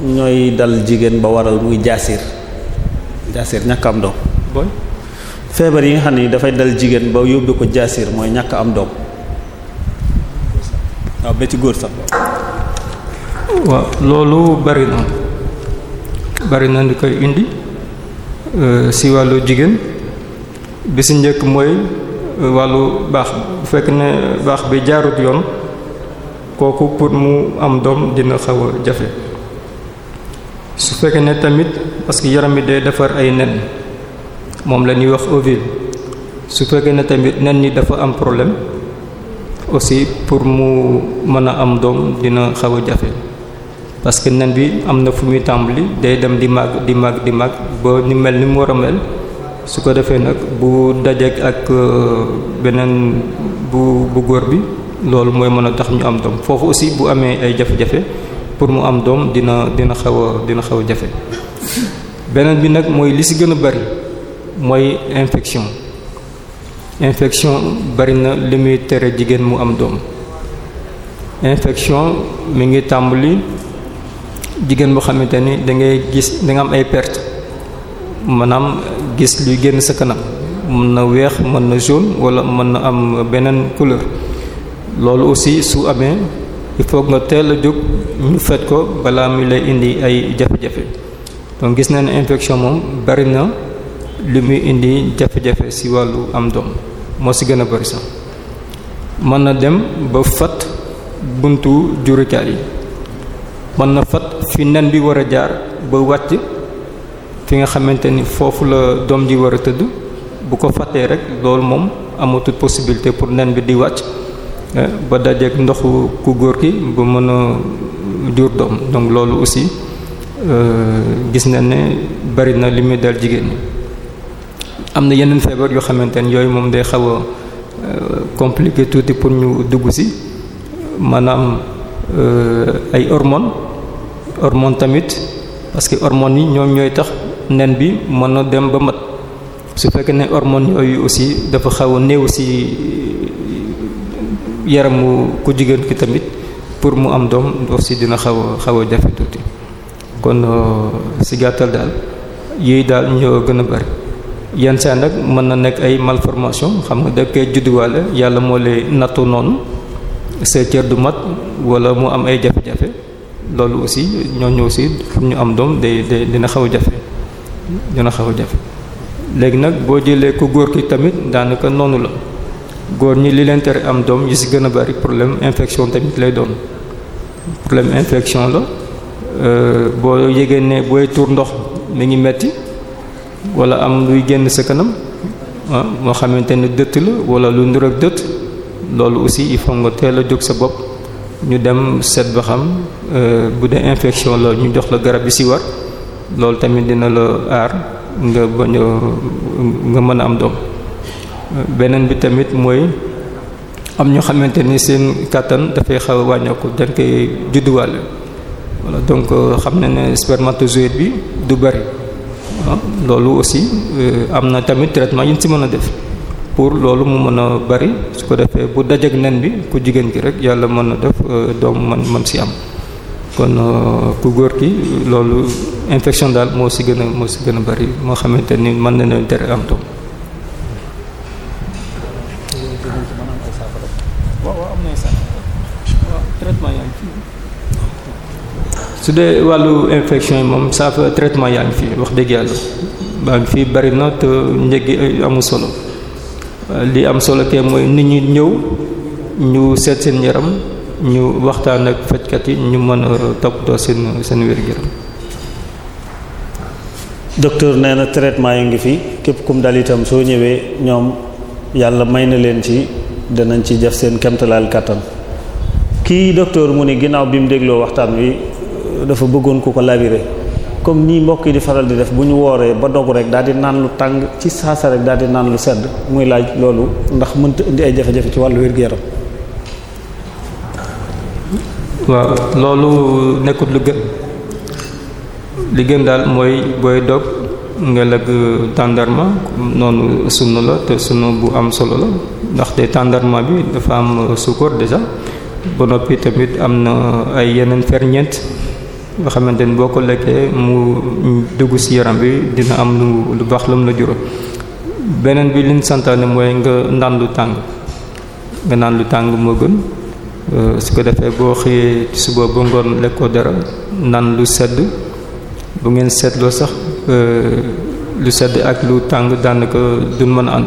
ñooy dal jigéen ba waral muy jaasir jaasir ñàkk am doom feebar yi nga xam ne dafay dal jigéen ba yóbbu ko jaasir mooy ñàkk am doom. waaw ba ci góor sax. waaw loolu bari na bari na di koy indi euh, si wàllu jigéen bi si njëkk mooy euh, wàllu baax bu fekk ne baax bi jaarut yoon kooku pour mu am doom dina xaw a jafe su fekkee ne tamit parce que yaram mi day defar ay nen moom la ñuy wax ovule su fekkee ne tamit nen ñi dafa am problème aussi pour mu mën a am doom dina xaw a jafe parce que nen bi am na fu muy tàmbali day dem di màgg di màgg di màgg ba ni mel ni mu war a mel su ko defee nag bu dajeek ak euh, beneen bu bu góor bi loolu mooy mën a tax ñu am doom foofu aussi bu amee ay jafe-jafe pour mu am doom dina dina xaw a dina xaw a jafe beneen bi nag mooy li si gën a bari mooy infection infection bari na li muy tere jigéen mu am doom infection mu ngi tàmbali jigéen boo xamante ni dangay gis danga am ay perte maanaam gis luy génn sa kanam mën na weex mën na jaune wala mën na am beneen couleur loolu aussi su amee il foog nga teel a jóg ñu fet ko balaa muy lay indi ay jafe-jafe gis na ne infection moom bari na li muy indi jafe-jafe wàllu am doom moo ci gën a bari sax mën na dem ba fat buntu jurukaay yi mën na fat fi nen bi war jaar ba wàcc fi nga xamante ni foofu la doom ji war a tëdd bu ko fàttee rek loolu moom amatul possibilité pour nen bi di wàcc eh, ba dajeeg ndoxu ku góor ki mën a jur doom donc loolu aussi euh, gis na ne bari na li muy jigéen am na yeneen feebar yoo xamante ni yooyu moom day xaw a euh, compliqué tuuti pour ñu dugg ci maanaam euh, ay hormones hormones tamit parce que hormones yi ñoom ñooy tax nen bi mën na dem ba mat su fekkee ne hormone yooyu aussi dafa xaw a néew ci euh, yaramu ku jigéen ki tamit pour mu am doom aussi dina xaw xaw a jafe tuuti kon si euh, gàttal daal yooyu daal ñoo gën a bari yenn saa nag mën na nekk ay malformation xam nga da koy judduwaale yàlla moo lay nattu noonu sa cër du mat walla mu am ay jafe-jafe loolu aussi ñoo ñëw ci ñu am doom day day dina xaw a jafe dina xaw a jafe léegi nag boo jëlee ku góor ki tamit daanaka noonu la góor ñi li leen tere am doom yi si gën a bari problème infection tamit lay doon problème infection la euh, boo yëgee ne booy tuur ndox mi ngi metti wala am luy génn sa kanam ah, moo xamante ne dëtt la wala lu ndur ak dëtt loolu aussi il faut nga teel a jóg sa bopp ñu dem set ba xam euh, bu dee infection la ñu jox la garab yi si war loolu tamit dina la aar nga bañ nga mën a am doom beneen bi tamit mooy am ñoo xamante ni seen kàttan dafay xaw a wàññeeku dañ koy judduwaale donc euh, xam na ne spermatozoïde bi du bari ah, loolu aussi euh, am na tamit traitement yi ñu ci mën a def pour loolu mu mën a bari su ko defee bu dajak nen bi ku jigéen gi rek yàlla mën a def euh, doom man mën si am kon euh, ku góor ki loolu infection daal moo ci gën a moo ci gën a bari moo xamante ni mën na leen tere am doom. su dee wàllu infection yi moom saaf traitement yaa ngi fi wax dëgg yàlla baa ngi fii bari na te njëg amul solo li am solo kay mooy nit ñi ñëw ñu seet seen yaram. ñu waxtaan ak fajkat yi ñu mën a toppatoo seen seen wér-gu-yaram. docteur nee na traitement yi ngi fi képp kum dal itam soo ñëwee ñoom yàlla may na leen ci danañ ci def seen kemtalaal kàttan kii docteur mu ni ginnaaw bi mu dégloo waxtaan wi dafa bëggoon ku ko labiré comme nii mbokk yi di faral di def bu ñu wooree ba dogu rek daal di naan lu tàng ci saasa rek daal di naan lu sedd muy laaj loolu ndax mënta indi ay jafe-jafe ci wàllu wér-gu-yaram. waaw loolu nekkut lu gën li gën daal mooy booy dog nga lëgg tàndarma noonu sunna la te sunna bu am solo la ndaxte tàndarma bi dafa am suukar déjà ba noppi tamit am na ay yeneen ferñent nga xamante ni boo ko lekkee mu dugg ci yaram bi dina am lu lu baax lu mu la jural beneen bi liñ santaane mooy nga naan lu tàng nga naan lu tàng moo gën Euh, su ko defee boo xëyee ci suba ba ngoon lekkoo dara naan lu sedd bu ngeen seetloo sax euh, lu sedd ak lu tàng daanaka duñ mën a ànd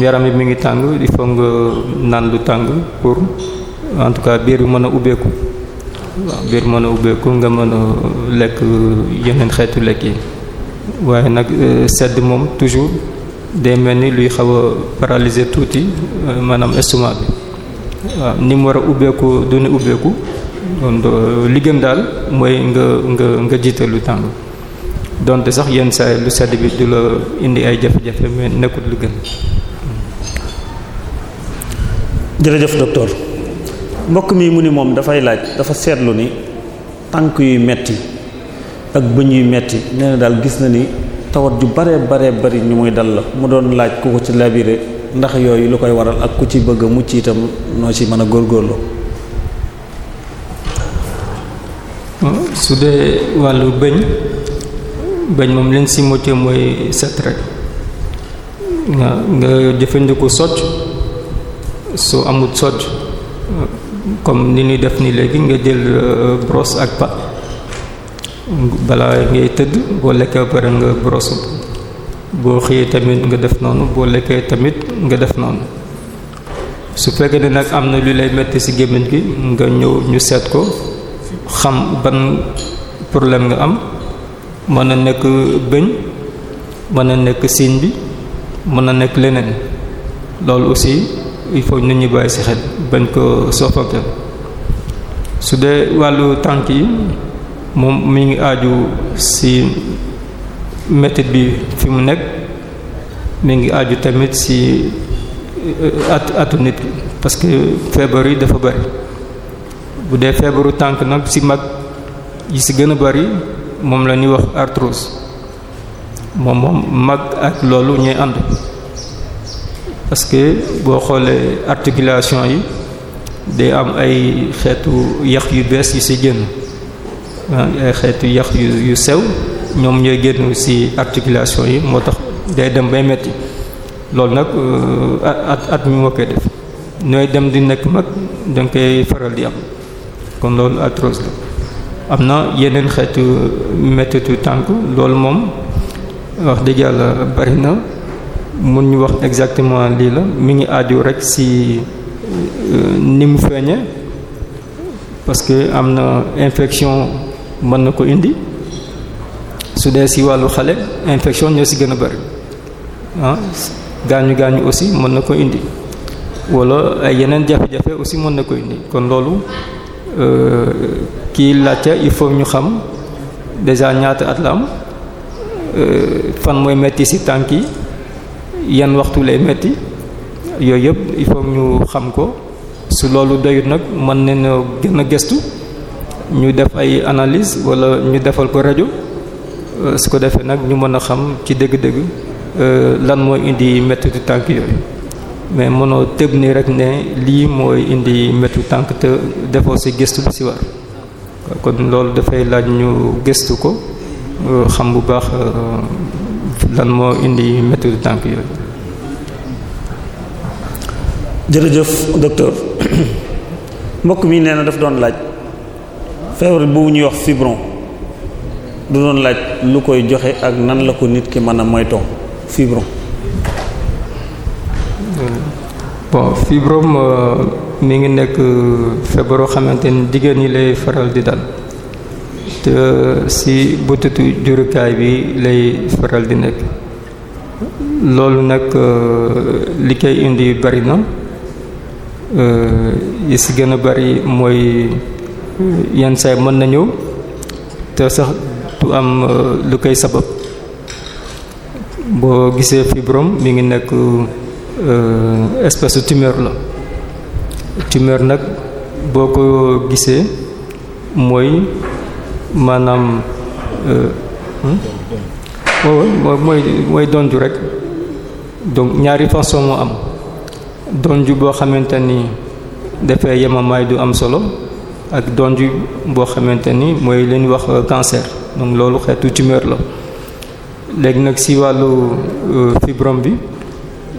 yaram yi mi ngi tàng il faut nga naan lu tàng pour en tout cas biir bi mën a ubbeeku waaw biir mën a ubbeeku nga mën a lekk yeneen xeetu lekk yi waaye nag euh, sedd moom toujours day mel ni luy xaw a paralyser tuuti maanaam estomac bi. waaw ni mu war a ubbeeku du ne ubbeeku liggéeyam daal mooy nga nga nga jiital lu tàng donte sax yenn saa lu sedd bi du la indi ay jafe-jafe mais nekkul lu gën. jërëjëf docteur mbokk mi mu ni moom dafay laaj dafa seetlu ni tànk yuy metti ak bëñ yuy metti nee na daal gis na ni tawat ju bare bare bari ñu muy dal la mu doon laaj ku ko ci labiré. ndax yooyu lu koy waral ak ku ci bëgg a mucc itam noo ci mën a góorgóorlu. Hmm, su dee wàllu bëñ bëñ moom leen si moccee mooy set rek nga nga jëfandiku socc su amut socc comme ni ñuy def ni léegi nga jël euh, brosse ak pa balaa ngay tëdd boo lekkee pare nga brosse boo xëyee tamit nga def noonu boo lekkee tamit nga def noonu su fekkee ne nag am na lu lay metti ci gémmiñ gi nga ñëw ñu seet ko xam ban problème nga am mën na nekk bëñ mën na nekk siiñ bi mën na nekk leneen loolu aussi il faut nit ñi bàyyi ci xel bañ ko soppante su dee wàllu tànk yi moom mi ngi aaju ci méthode bi fi mu nekk mi ngi aju tamit ci euh, at atu nit parce que feebar yi dafa bari bu dee feebaru tànk nag ci mag yi ci gën a bari moom la ñuy wax arthrose moom moom mag ak loolu ñuy ànd parce que boo xoolee articulation yi day am ay xeetu yax yu bees yu ci génn ah, ay xeetu yax yu sew ñoom ñooy génn si articulation yi moo tax day dem bay metti loolu nag euh, at at mi moo koy def ñooy dem di nekk mag danga koy faral di am kon loolu atros la am na yeneen xeetu euh, mettitu tànk loolu moom wax dëgg yàlla bari na mun ñu wax exactement lii la mi ngi aaju rek si euh, ni mu feeñe parce que am na infection mën na ko indi su dee ci wàllu xale infection ñoo ci gën a bari ah gaañu gaañu aussi mën na ko indi wala ay yeneen jafe-jafe aussi mën na ko indi kon loolu euh, kii laajte il faut ñu xam déjà ñaata at la am euh, fan mooy metti ci tànk yi yan waxtu lay metti yooyu yëpp il faut ñu xam ko su loolu doyut nag mën nañoo gën a gëstu ñu def ay analyse wala ñu defal ko rajo. su ko defee nag ñu mën a xam ci dégg dëgg euh, lan mooy indi mettitu tànk yooyu mais mënoo tëb ni rek ne lii mooy indi mettitu tànk te defoo ci gëstu bi ci war kon loolu dafay laaj ñu gëstu ko euh, xam bu baax euh, lan moo indi mettitu tànk yooyu. jërëjëf docteur mbokk mi nee na daf doon laaj feebar bu ñu wax fibron. du doon laaj lu koy joxe ak nan la ko nit ki mën a moytoo fibrom bon fibrom euh, mi ngi nekk euh, feebaroo xamante ni jigéen ñi lay faral di dal te euh, si bëtutu jurukaay bi lay faral di nekk loolu nag li koy indi bari na yi si gën a bari mooy yenn saay mën na te sax du am euh, lu koy sabab boo gisee fibrome mi ngi nekk euh, espèce tumeur la tumeur nag boo ko gisee mooy maanaam euh, hmm? mooy mooy donju rek donc ñaari façon mu am donju boo xamante ni dafay yemamaay du am solo ak donju boo xamante ni mooy leen wax cancer donc loolu xeetu tumeur la léegi nag si wàllu euh, fibrome bi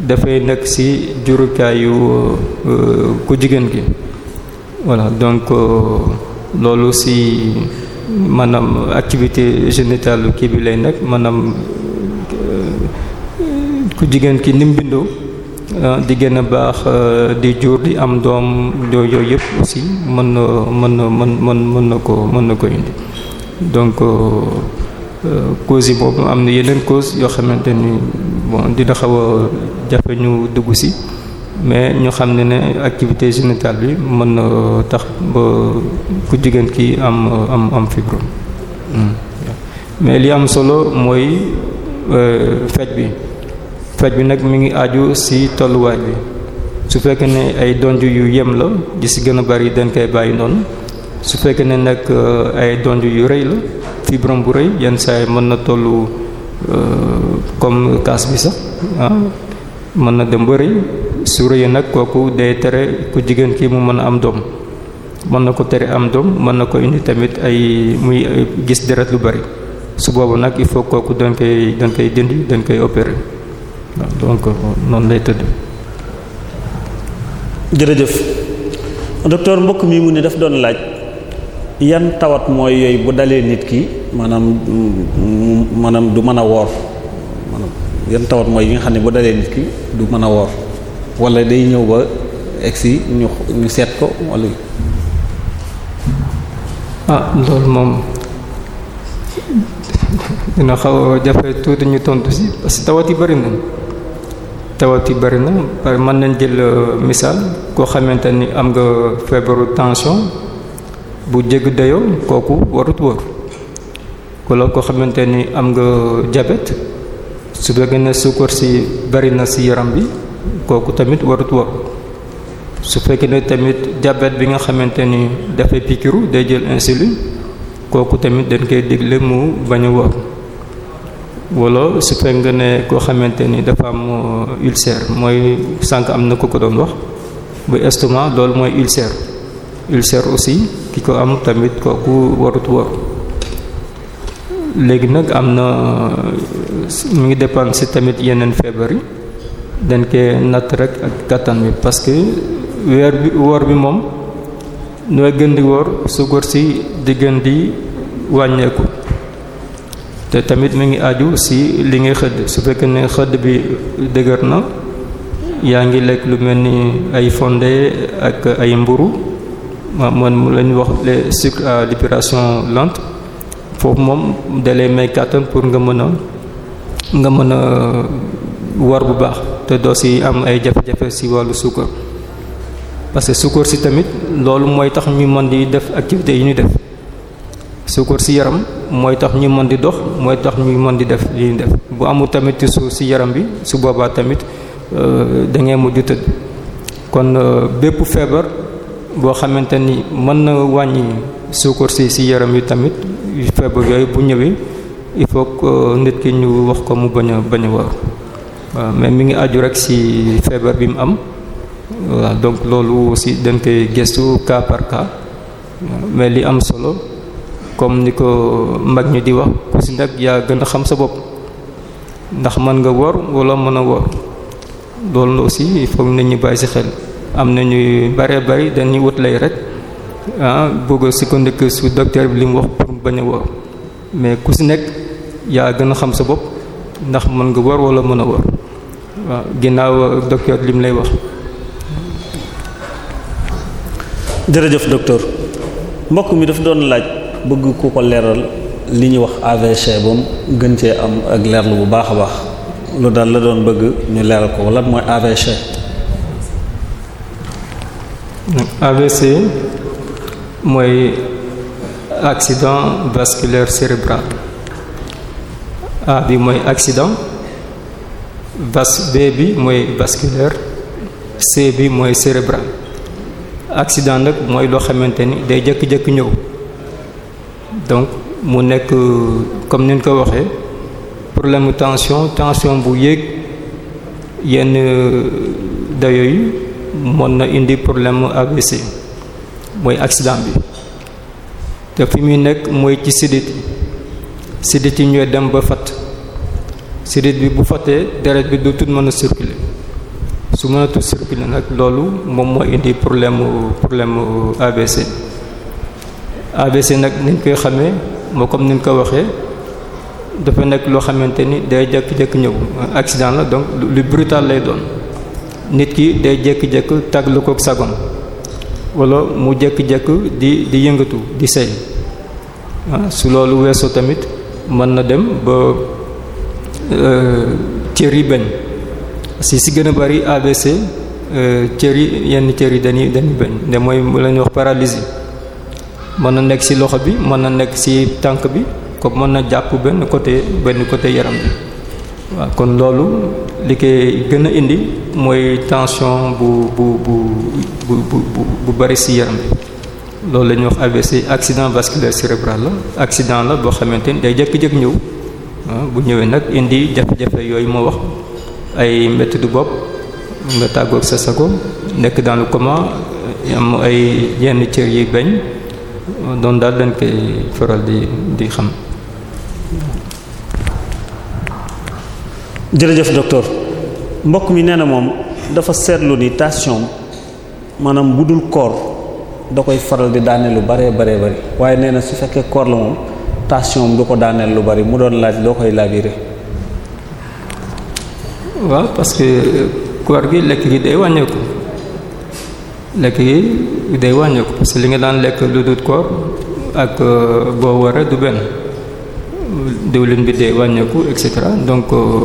dafay nekk si jurukaayu euh, euh, ku jigéen ki voilà donc loolu si maanaam activité génitale kii bi lay nag maanaam ku jigéen ki nim bindoo ah, di gën a baax di jur di am doom yooyu yëpp si mën na mën na mën mën mën na ko mën na ko indi donc euh, euh, causes yi boobu am na yeneen cause yoo xamante ni bon dina xaw a jafe ñu dugg si mais ñu xam ne ne activité génitale bi mën na tax ba ku jigéen ki am am am fibrome hmm. mais li am solo mooy euh, faj bi faj bi nag mu ngi aju si tolluwaay bi su fekkee ne ay donj yu yem la di si gën a bari dañ bàyyi noonu su fekkee ne nag euh, ay donj yu rëy la fibrome bu rëy yenn saa yi mën na tollu euh, comme kaas bi sax ah, mën na dem ba rëy su rëyee nag kooku day tere ku jigéen ki mu mën a am doom mën na ko tere am doom mën na ko indi tamit ay muy gis deret lu bari su boobu nag il faut kooku dañ koy dañ koy dindi dañ koy opérer donc noonu mbokk mi mu ne daf doon laaj. yan tawat mooy yooyu bu dalee nit ki maanaam maanaam du mën a woor maanaam yan tawat mooy yi nga xam ne bu dalee nit ki du mën a woor wala day ñëw ba egsi si ñu seet ko wala. ah loolu moom dina xaw a jafe tuuti ñu tontu si parce tawat yi bari na tawat yi bari na mën nañ jël euh, misaal koo xamante ni am nga feebaru tension. bu jégg dayoo kooku warut wóor walla ko xamante ni am nga diabète su fekkee ne suukar si bari na si yaram bi kooku tamit warut wóor su fekkee ne tamit jabet bi nga xamante ni dafa pikiru day jël insuline kooku tamit dañ koy mu bañ a wóor walla su fekkee ne koo xamante ni dafa am ulcère mooy sànq am na ku ko doon wax bu estomac loolu mooy ulcère. ulcère aussi ki ko am tamit kooku warut wor léegi nag am na mu ngi dépendre ci tamit yeneen feebar yi dañ natt rek ak kattan bi parce que weer bi moom nooy gën di woor sukkur si di gën di wàññeeku te tamit mu ngi aju ci li ngay xëdd su fekkee ne xëdd bi dëgër na yaa ngi lekk lu mel ni ay fonde ak ay mburu waaw man la ñu wax les cycles à libération foofu moom dalay may kattan pour nga mën a nga mën a war bu baax te doo si am ay jafe-jafe si wàllu suukar parce que suukar si tamit loolu mooy tax ñu mën di def activités yi ñu def suukar si yaram mooy tax ñu mën di dox mooy tax ñu mën di def li ñu def bu amul tamit su si yaram bi su boobaa tamit euh, da ngay mujj tëdd kon euh, bépp feebar. boo xamante ni mën na wàññi suukar si si yaram wi tamit feebar yooyu bu ñëwee il faut que euh, nit ki ñu wax ko mu bañ a bañ a war waaw mais mi ngi aju rek si feebar bi mu am voilà donc loolu aussi dañ koy gëstu cas par cas mais li am solo comme ni ko mag ñi di wax ku si nekk yaa gën a xam sa bopp ndax mën nga wor wala mën a wor loolu aussi il faut nit ñu bàyyi si xel. am na ñuy bare bari dañuy wut lay rek ah bëgg a sukkandiku su docteur bi li mu wax pour bañ a wor mais ku si nekk yaa gën a xam sa bopp ndax mën nga wor wala mën a wor waaw ginnaaw docteur li lim lay wax. jërëjëf docteur mbokk mi daf doon laaj bëgg ku ko leeral li ñu wax AVC ba gën cee am ak leerlu bu baax a baax lu daal la doon bëgg ñu leeral ko lan mooy AVC. AVC mooy accident vasculaire cérébral A bi mooy accident vas B bi mooy vasculaire C bi mooy cérébral accident nag mooy loo xamante ni day jékki-jékki ñëw donc mu nekk comme ni ñu ko waxee problème tension tension bu yéeg yenn euh, dayo mën na indi problème mu AVC mooy accident bi te fi muy nekk mooy ci sidit sidit yi ñooy dem ba fatt sidit bi bu fatee deret bi du tut mën a circuler su mënatul circuler nag loolu moom moo indi problème problème AVC AVC nag niñ koy xamee moo comme niñ ko waxee dafa nekk loo xamante ni day jékki-jékki ñëw accident la donc lu brutal lay doon nit ki day jékki-jékki taglu kook sagom wala mu jékki-jékki di di yëngatu di sey ah, su loolu weesoo tamit mën na dem ba euh, cër yi bañ si si gën a bari ABC euh, cër yi yenn cër yi dañuy dañuy bañ ne mooy mu la ñuy wax paralysie mën na nekk si loxo bi mën na nekk si tànk bi ko mën na jàpp benn côté benn côté yaram bi. waaw kon loolu li koy gën a indi mooy tension bu bu bu bu bu bu bari ci yaram bi loolu la ñuy wax AVC accident vasculaire cérébral la accident la boo xamante ni day jékki-jékki ñëw ah, bu ñëwee nag indi jafe-jafe yooyu moo wax ay métti du bopp nga tàggoog sa sago nekk dans comment coma am ay yenn cër yi bañ doon daal dañ koy faral di di xam. jërëjëf docteur mbokk mi nee na moom dafa seetlu ni tension maanaam bu dul koor da koy faral di daane lu baree baree bari waaye nee na su fekkee koor la moom tension du ko daaneel lu bari mu doon laaj loo koy labiré. waaw parce que koor gi lekk gi day wàññeeku lekk gi day wàññeeku parce li nga daan lekk lu dul koor ak euh, boo waree du benn diwlin bi day wàññeeku et cetera donc. Euh,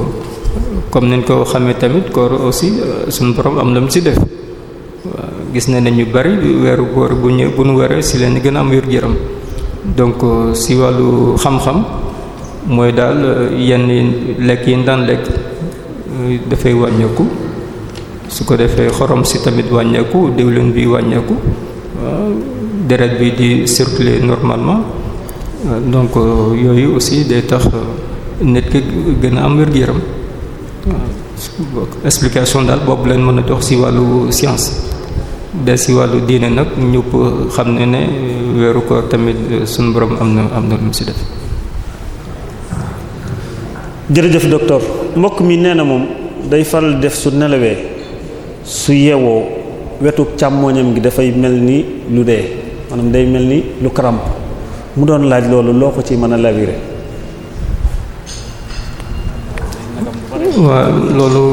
comme nañ ko xamee tamit koor aussi euh, suñu borom am na mu si def gis na ne ñu bari weeru koor bu ñu bu ñu leen gën a am wér gi yaram donc euh, si wàllu xam-xam mooy daal euh, yenn lekk yi daan lekk dafay wàññeeku su ko defee xorom si tamit wàññeeku diwlin bi wàññeeku deret bi di circuler normalement donc yooyu aussi day tax nit ki gën a am wér-gu-yaram explication daal boobu leen mën a jox ci wàllu science da ci wàllu diine nag ñëpp xam ne ne weeru koor tamit suñu borom am na am na lu mu ci def. jërëjëf docteur mbokk mi nee na moom day faral def su nelawee su yewoo wetu càmmoñam gi dafay mel ni lu dee maanaam day mel ni lu crampe mu doon laaj loolu loo ko ci mën a labiré. waaw loolu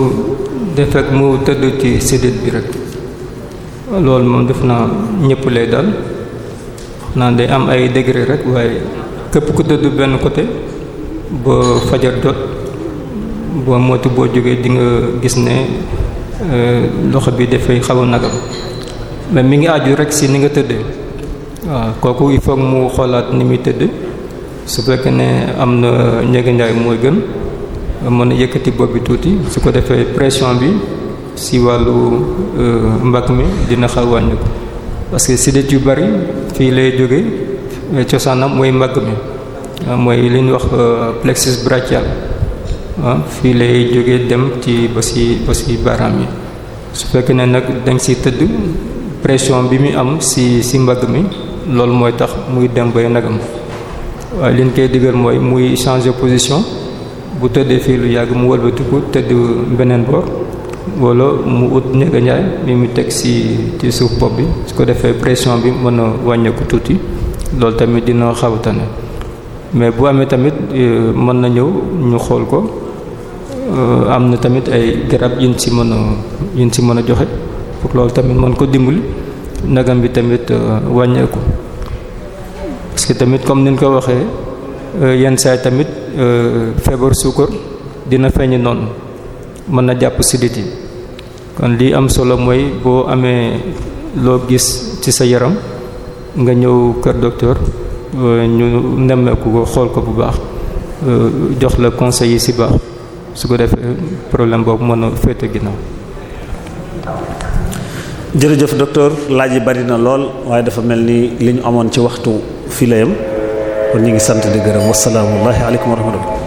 def rek mu tëdd ci séddét bi rek loolu moom def naa ñëpp lay dal naa day am ay degré rek waaye képp ku tëdd benn côté ba fajar jot boo moytu boo jógee di nga gis ne euh, loxo bi dafay xaw a nagam mais mi ngi aju rek si ni nga tëddee waaw kooku il faut mu xoolaat ni muy tëdd su fekkee ne am na njëgënjaay mooy gën. mën a yëkkati bopp bi tuuti su ko defee pression bi si wàllu euh, mbag mi dina xaw wàññi ko parce que sidit yu bari fii lay jóge euh, cosaanam mooy mbagg mi euh, mooy li ñu wax plexus brachial ah, fii lay jóge dem ci ba si ba si baaraam yi su fekkee ne nag dañ si tëdd pression bi muy am si si mbagg mi loolu mooy tax muy dem bay nagam waaye li ñu koy mooy muy changer position bu tëddee fii lu yàgg mu wëlbatiku tëdd beneen boor wala mu ut njëga njaay mi mu teg ci ci suuf bopp bi su ko defee pression bi mën na wàññeeku tuuti loolu tamit dina xaw a mais bu amee tamit euh, mën na ñëw ñu xool ko euh, am na tamit ay garab yin ci mën a yin ci mën a joxe pour loolu tamit mën ko dimbali nagam bi tamit euh, wàññeeku parce que tamit comme niñ ko waxee yenn saay tamit Euh, feebar suukar dina feeñ noonu mën na jàpp sidit yi kon li am solo mooy boo amee loo gis ci sa yaram nga ñëw kër docteur euh, ñu nemmeeku ko xool ko bu baax euh, jox la conseil yi ci baax su ko defee problème boobu mën a féete ginnaaw. jërëjëf docteur laaj yi bari na lool waaye dafa mel ni li ñu amoon ci waxtu fii kon ñu ngi sant di gërëm wasalaamullahi aleykum wa rahmatullah